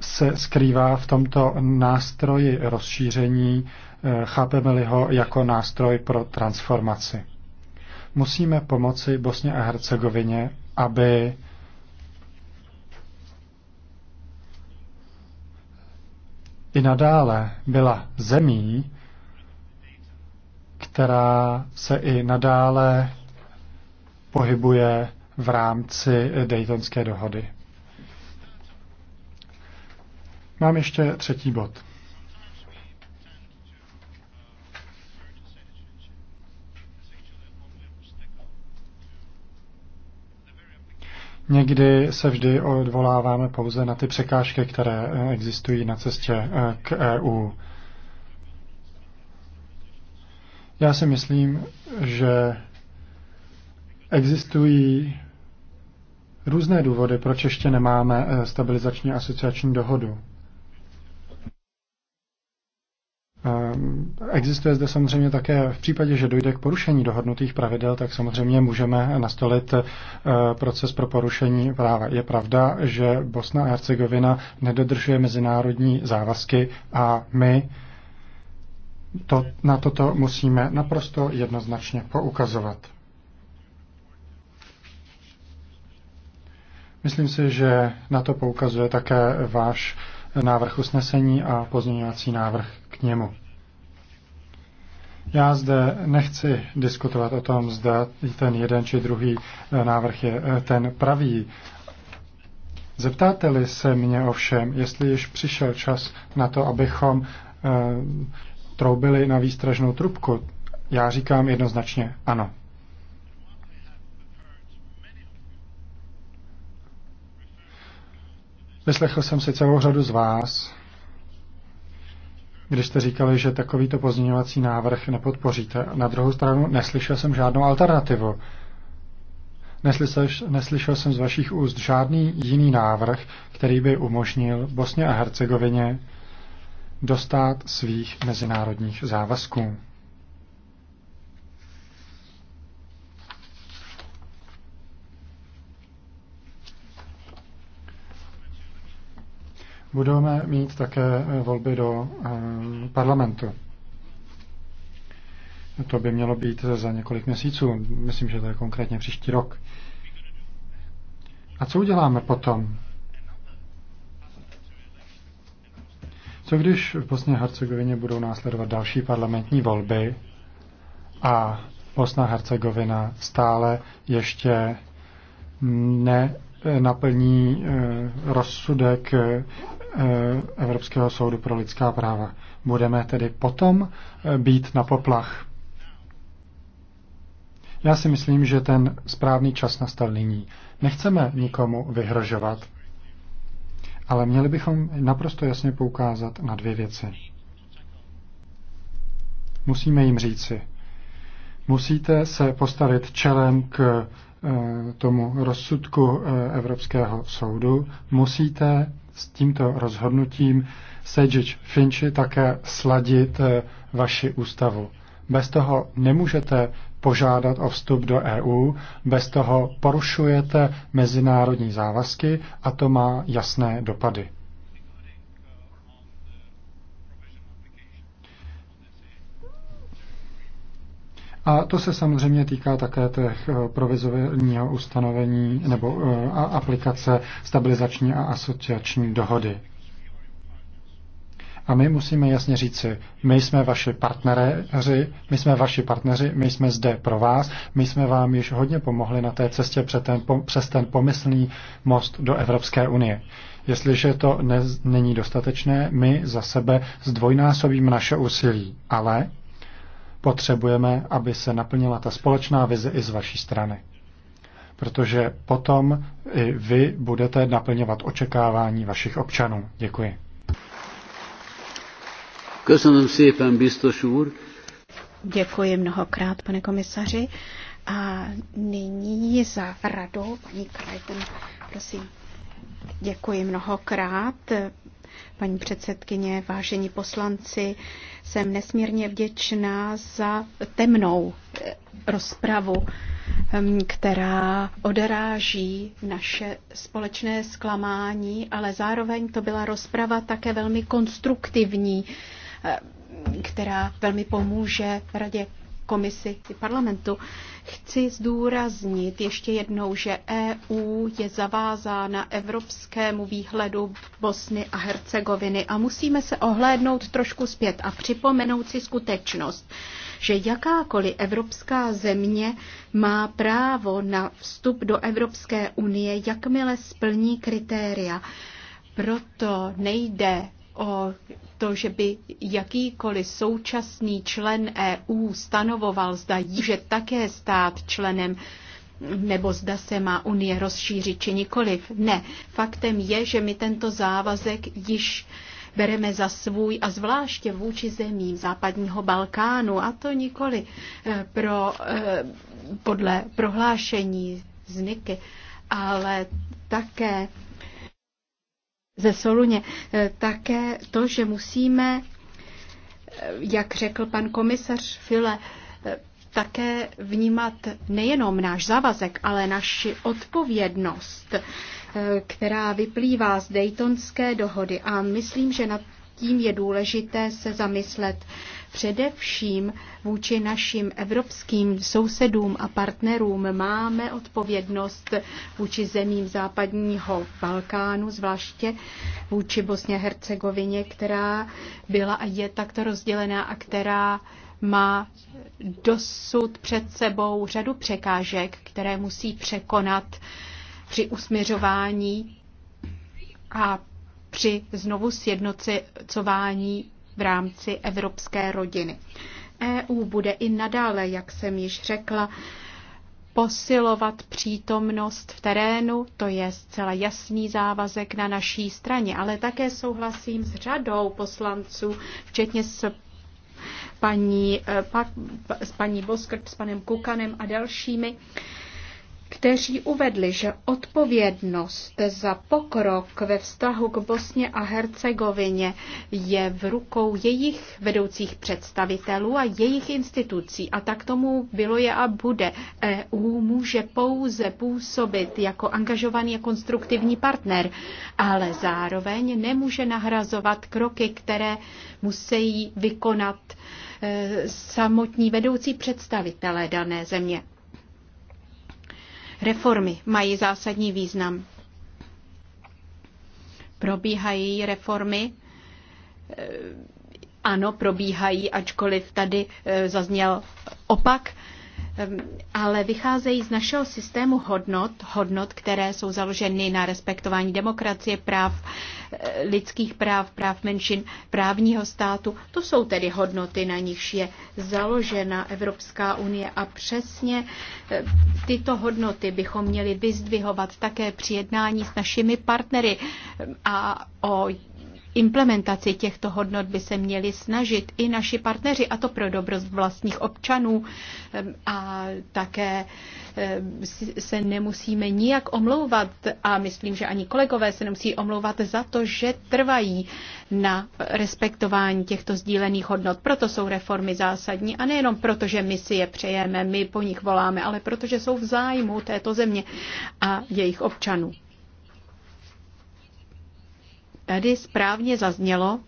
se skrývá v tomto nástroji rozšíření Eh, chápeme-li ho jako nástroj pro transformaci. Musíme pomoci Bosně a Hercegovině, aby i nadále byla zemí, která se i nadále pohybuje v rámci Daytonské dohody. Mám ještě třetí bod. Někdy se vždy odvoláváme pouze na ty překážky, které eh, existují na cestě eh, k EU. Já si myslím, že existují různé důvody, proč ještě nemáme eh, stabilizační asociační dohodu. Ehm, existuje zde samozřejmě také v případě, že dojde k porušení dohodnutých pravidel, tak samozřejmě můžeme nastolit eh, proces pro porušení práva. Je pravda, že Bosna a Hercegovina nedodržuje mezinárodní závazky a my to, na toto musíme naprosto jednoznačně poukazovat. Myslím si, že na to poukazuje také váš návrh usnesení a pozměňovací návrh k němu. Já zde nechci diskutovat o tom, zda ten jeden či druhý eh, návrh je eh, ten pravý. Zeptáte-li se mě ovšem, jestli již přišel čas na to, abychom eh, troubili na výstražnou trubku, já říkám jednoznačně ano. Vyslechl jsem si celou řadu z vás, když jste říkali, že takovýto pozměňovací návrh nepodpoříte. Na druhou stranu neslyšel jsem žádnou alternativu. Neslyšel, neslyšel jsem z vašich úst žádný jiný návrh, který by umožnil Bosně a Hercegovině dostat svých mezinárodních závazků. budeme mít také eh, volby do eh, parlamentu. To by mělo být eh, za několik měsíců, myslím, že to je konkrétně příští rok. A co uděláme potom? Co když v Bosně a Hercegovině budou následovat další parlamentní volby a Bosna a Hercegovina stále ještě nenaplní rozsudek Eh, Evropského soudu pro lidská práva. Budeme tedy potom eh, být na poplach. Já si myslím, že ten správný čas nastal nyní. Nechceme nikomu vyhrožovat, ale měli bychom naprosto jasně poukázat na dvě věci. Musíme jim říci, musíte se postavit čelem k eh, tomu rozsudku Evropského soudu, musíte s tímto rozhodnutím Sejic Finči také sladit eh, vaši ústavu. Bez toho nemůžete požádat o vstup do EU, bez toho porušujete mezinárodní závazky a to má jasné dopady. A to se samozřejmě týká také těch eh, provizorního ustanovení nebo eh, aplikace stabilizační a asociační dohody. A my musíme jasně říci, my jsme vaši partneři, my jsme vaši partneři, my jsme zde pro vás, my jsme vám již hodně pomohli na té cestě před ten, přes ten pomyslný most do Evropské unie. Jestliže to ne, není dostatečné, my za sebe zdvojnásobíme naše úsilí. Ale potřebujeme, aby se naplnila ta společná vize i z vaší strany. Protože potom i vy budete naplňovat očekávání vašich občanů. Děkuji. Děkuji mnohokrát, pane komisaři. A nyní za radu paní Krajten, prosím. Děkuji mnohokrát, Paní předsedkyně, vážení poslanci, jsem nesmírně vděčná za temnou eh, rozpravu, která odráží naše společné zklamání, ale zároveň to byla rozprava také velmi konstruktivní, eh, která velmi pomůže radě komisi i parlamentu. Chci zdůraznit ještě jednou, že EU je zavázána evropskému výhledu Bosny a Hercegoviny a musíme se ohlédnout trošku zpět a připomenout si skutečnost, že jakákoliv evropská země má právo na vstup do Evropské unie, jakmile splní kritéria. Proto nejde o to, že by jakýkoliv současný člen EU stanovoval, zda že také stát členem nebo zda se má Unie rozšířit či nikoliv. Ne, faktem je, že my tento závazek již bereme za svůj a zvláště vůči zemím západního Balkánu a to nikoli e, pro, e, podle prohlášení z Niky, e, ale také ze Soluně. E, také to, že musíme, e, jak řekl pan komisař File, e, také vnímat nejenom náš závazek, ale naši odpovědnost, která vyplývá z Daytonské dohody. A myslím, že nad tím je důležité se zamyslet. Především vůči našim evropským sousedům a partnerům máme odpovědnost vůči zemím západního Balkánu, zvláště vůči Bosně Hercegovině, která byla a je takto rozdělená a která má dosud před sebou řadu překážek, které musí překonat při usměřování a při znovu sjednocování v rámci evropské rodiny. EU bude i nadále, jak jsem již řekla, posilovat přítomnost v terénu, to je zcela jasný závazek na naší straně, ale také souhlasím s řadou poslanců, včetně s paní, pa, eh, pa, s paní Boskrt, s panem Kukanem a dalšími, eh, kteří uvedli, že odpovědnost za pokrok ve vztahu k Bosně a Hercegovině je v rukou jejich vedoucích představitelů a jejich institucí. A tak tomu bylo je a bude. EU může pouze působit jako angažovaný a konstruktivní partner, ale zároveň nemůže nahrazovat kroky, které musí vykonat e, samotní vedoucí představitelé dané země. Reformy mají zásadní význam. Probíhají reformy, eh, ano, probíhají, ačkoliv tady eh, zazněl opak, Ehm, ale vycházejí z našeho systému hodnot, hodnot, které jsou založeny na respektování demokracie, práv eh, lidských práv, práv menšin, právního státu. To jsou tedy hodnoty, na nichž je založena Evropská unie a přesně eh, tyto hodnoty bychom měli vyzdvihovat také při jednání s našimi partnery ehm, a o implementaci těchto hodnot by se měli snažit i naši partneři, a to pro dobrost vlastních občanů. Ehm, a také ehm, se nemusíme nijak omlouvat, a myslím, že ani kolegové se nemusí omlouvat za to, že trvají na respektování těchto sdílených hodnot. Proto jsou reformy zásadní a nejenom proto, že my si je přejeme, my po nich voláme, ale protože jsou v zájmu této země a jejich občanů. Tady správně zaznělo,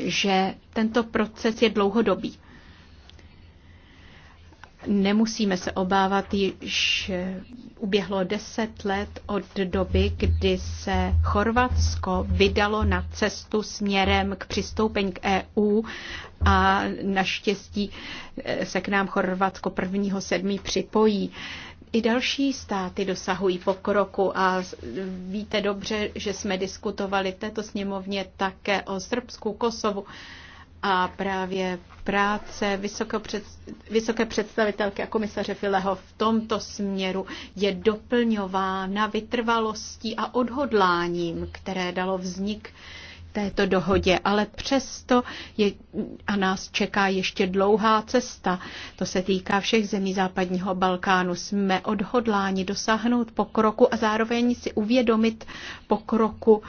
že tento proces je dlouhodobý. Nemusíme se obávat, že uběhlo deset let od doby, kdy se Chorvatsko vydalo na cestu směrem k přistoupení k EU a naštěstí se k nám Chorvatsko 1.7. připojí. I další státy dosahují pokroku a víte dobře, že jsme diskutovali v této sněmovně také o Srbsku, Kosovu a právě práce vysoké představitelky a komisaře Fileho v tomto směru je doplňována vytrvalostí a odhodláním, které dalo vznik této dohodě, ale přesto je, a nás čeká ještě dlouhá cesta. To se týká všech zemí západního Balkánu. Jsme odhodláni dosáhnout pokroku a zároveň si uvědomit pokroku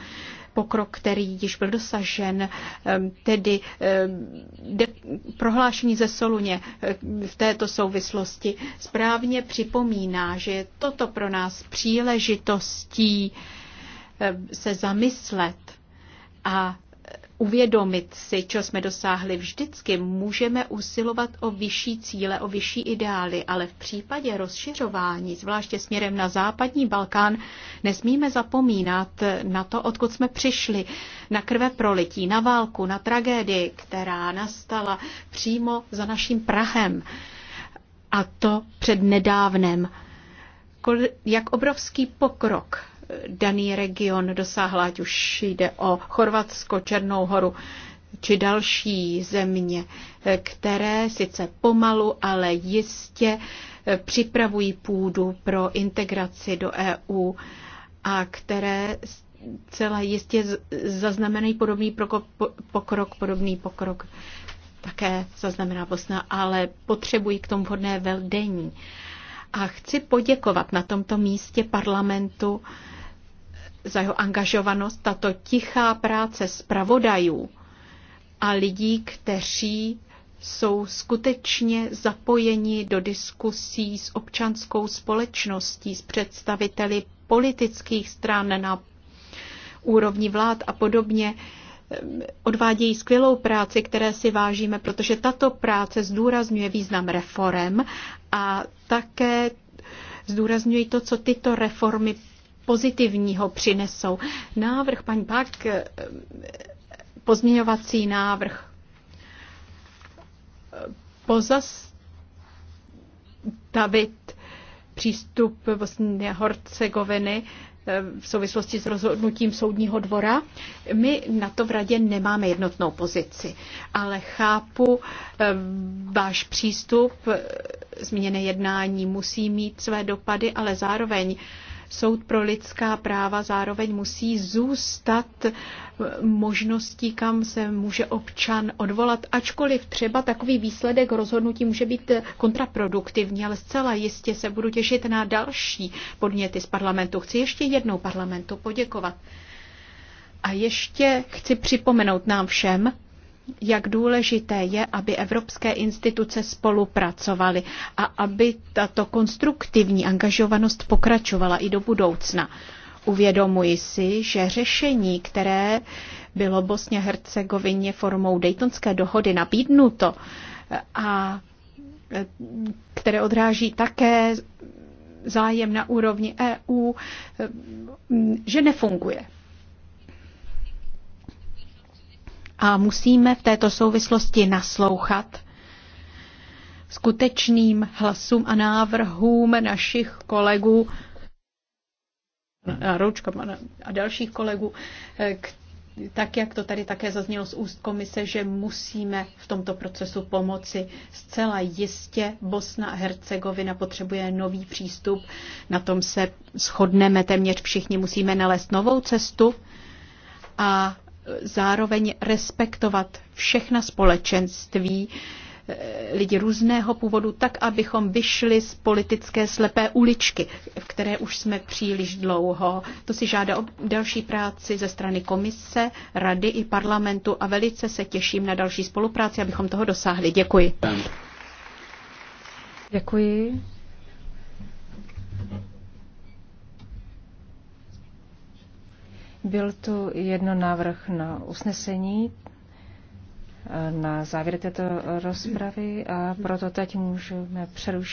pokrok, který již byl dosažen, ehm, tedy ehm, de, prohlášení ze Soluně ehm, v této souvislosti správně připomíná, že je toto pro nás příležitostí se zamyslet a uvědomit si, co jsme dosáhli vždycky, můžeme usilovat o vyšší cíle, o vyšší ideály, ale v případě rozšiřování, zvláště směrem na západní Balkán, nesmíme zapomínat na to, odkud jsme přišli, na krve prolití, na válku, na tragédii, která nastala přímo za naším Prahem. A to před nedávnem. Jak obrovský pokrok daný region dosáhla, ať už jde o Chorvatsko, Černou horu či další země, které sice pomalu, ale jistě připravují půdu pro integraci do EU a které celá jistě zaznamenají podobný pokrok, podobný pokrok také zaznamená Bosna, ale potřebují k tomu vhodné vedení. A chci poděkovat na tomto místě parlamentu za jeho angažovanost, tato tichá práce zpravodajů a lidí, kteří jsou skutečně zapojeni do diskusí s občanskou společností, s představiteli politických stran na úrovni vlád a podobně odvádějí skvělou práci, které si vážíme, protože tato práce zdůrazňuje význam reform a také zdůrazňují to, co tyto reformy pozitivního přinesou. Návrh, paní Pak, pozměňovací návrh pozastavit přístup Bosně Horcegoviny Eh, v souvislosti s rozhodnutím soudního dvora. My na to v radě nemáme jednotnou pozici, ale chápu eh, váš přístup, eh, zmíněné jednání musí mít své dopady, ale zároveň Soud pro lidská práva zároveň musí zůstat možností, kam se může občan odvolat, ačkoliv třeba takový výsledek rozhodnutí může být kontraproduktivní, ale zcela jistě se budu těšit na další podněty z parlamentu. Chci ještě jednou parlamentu poděkovat. A ještě chci připomenout nám všem, jak důležité je, aby evropské instituce spolupracovaly a aby tato konstruktivní angažovanost pokračovala i do budoucna. Uvědomuji si, že řešení, které bylo Bosně Hercegovině formou Daytonské dohody nabídnuto a které odráží také zájem na úrovni EU, že nefunguje. A musíme v této souvislosti naslouchat skutečným hlasům a návrhům našich kolegů Roučka a dalších kolegů, eh, tak jak to tady také zaznělo z úst komise, že musíme v tomto procesu pomoci. Zcela jistě Bosna a Hercegovina potřebuje nový přístup, na tom se shodneme téměř všichni, musíme nalézt novou cestu a zároveň respektovat všechna společenství, eh, lidi různého původu, tak, abychom vyšli z politické slepé uličky, v které už jsme příliš dlouho. To si žádá o další práci ze strany komise, rady i parlamentu a velice se těším na další spolupráci, abychom toho dosáhli. Děkuji. Děkuji. Byl tu jedno návrh na usnesení eh, na závěr této rozpravy a proto teď můžeme přerušit.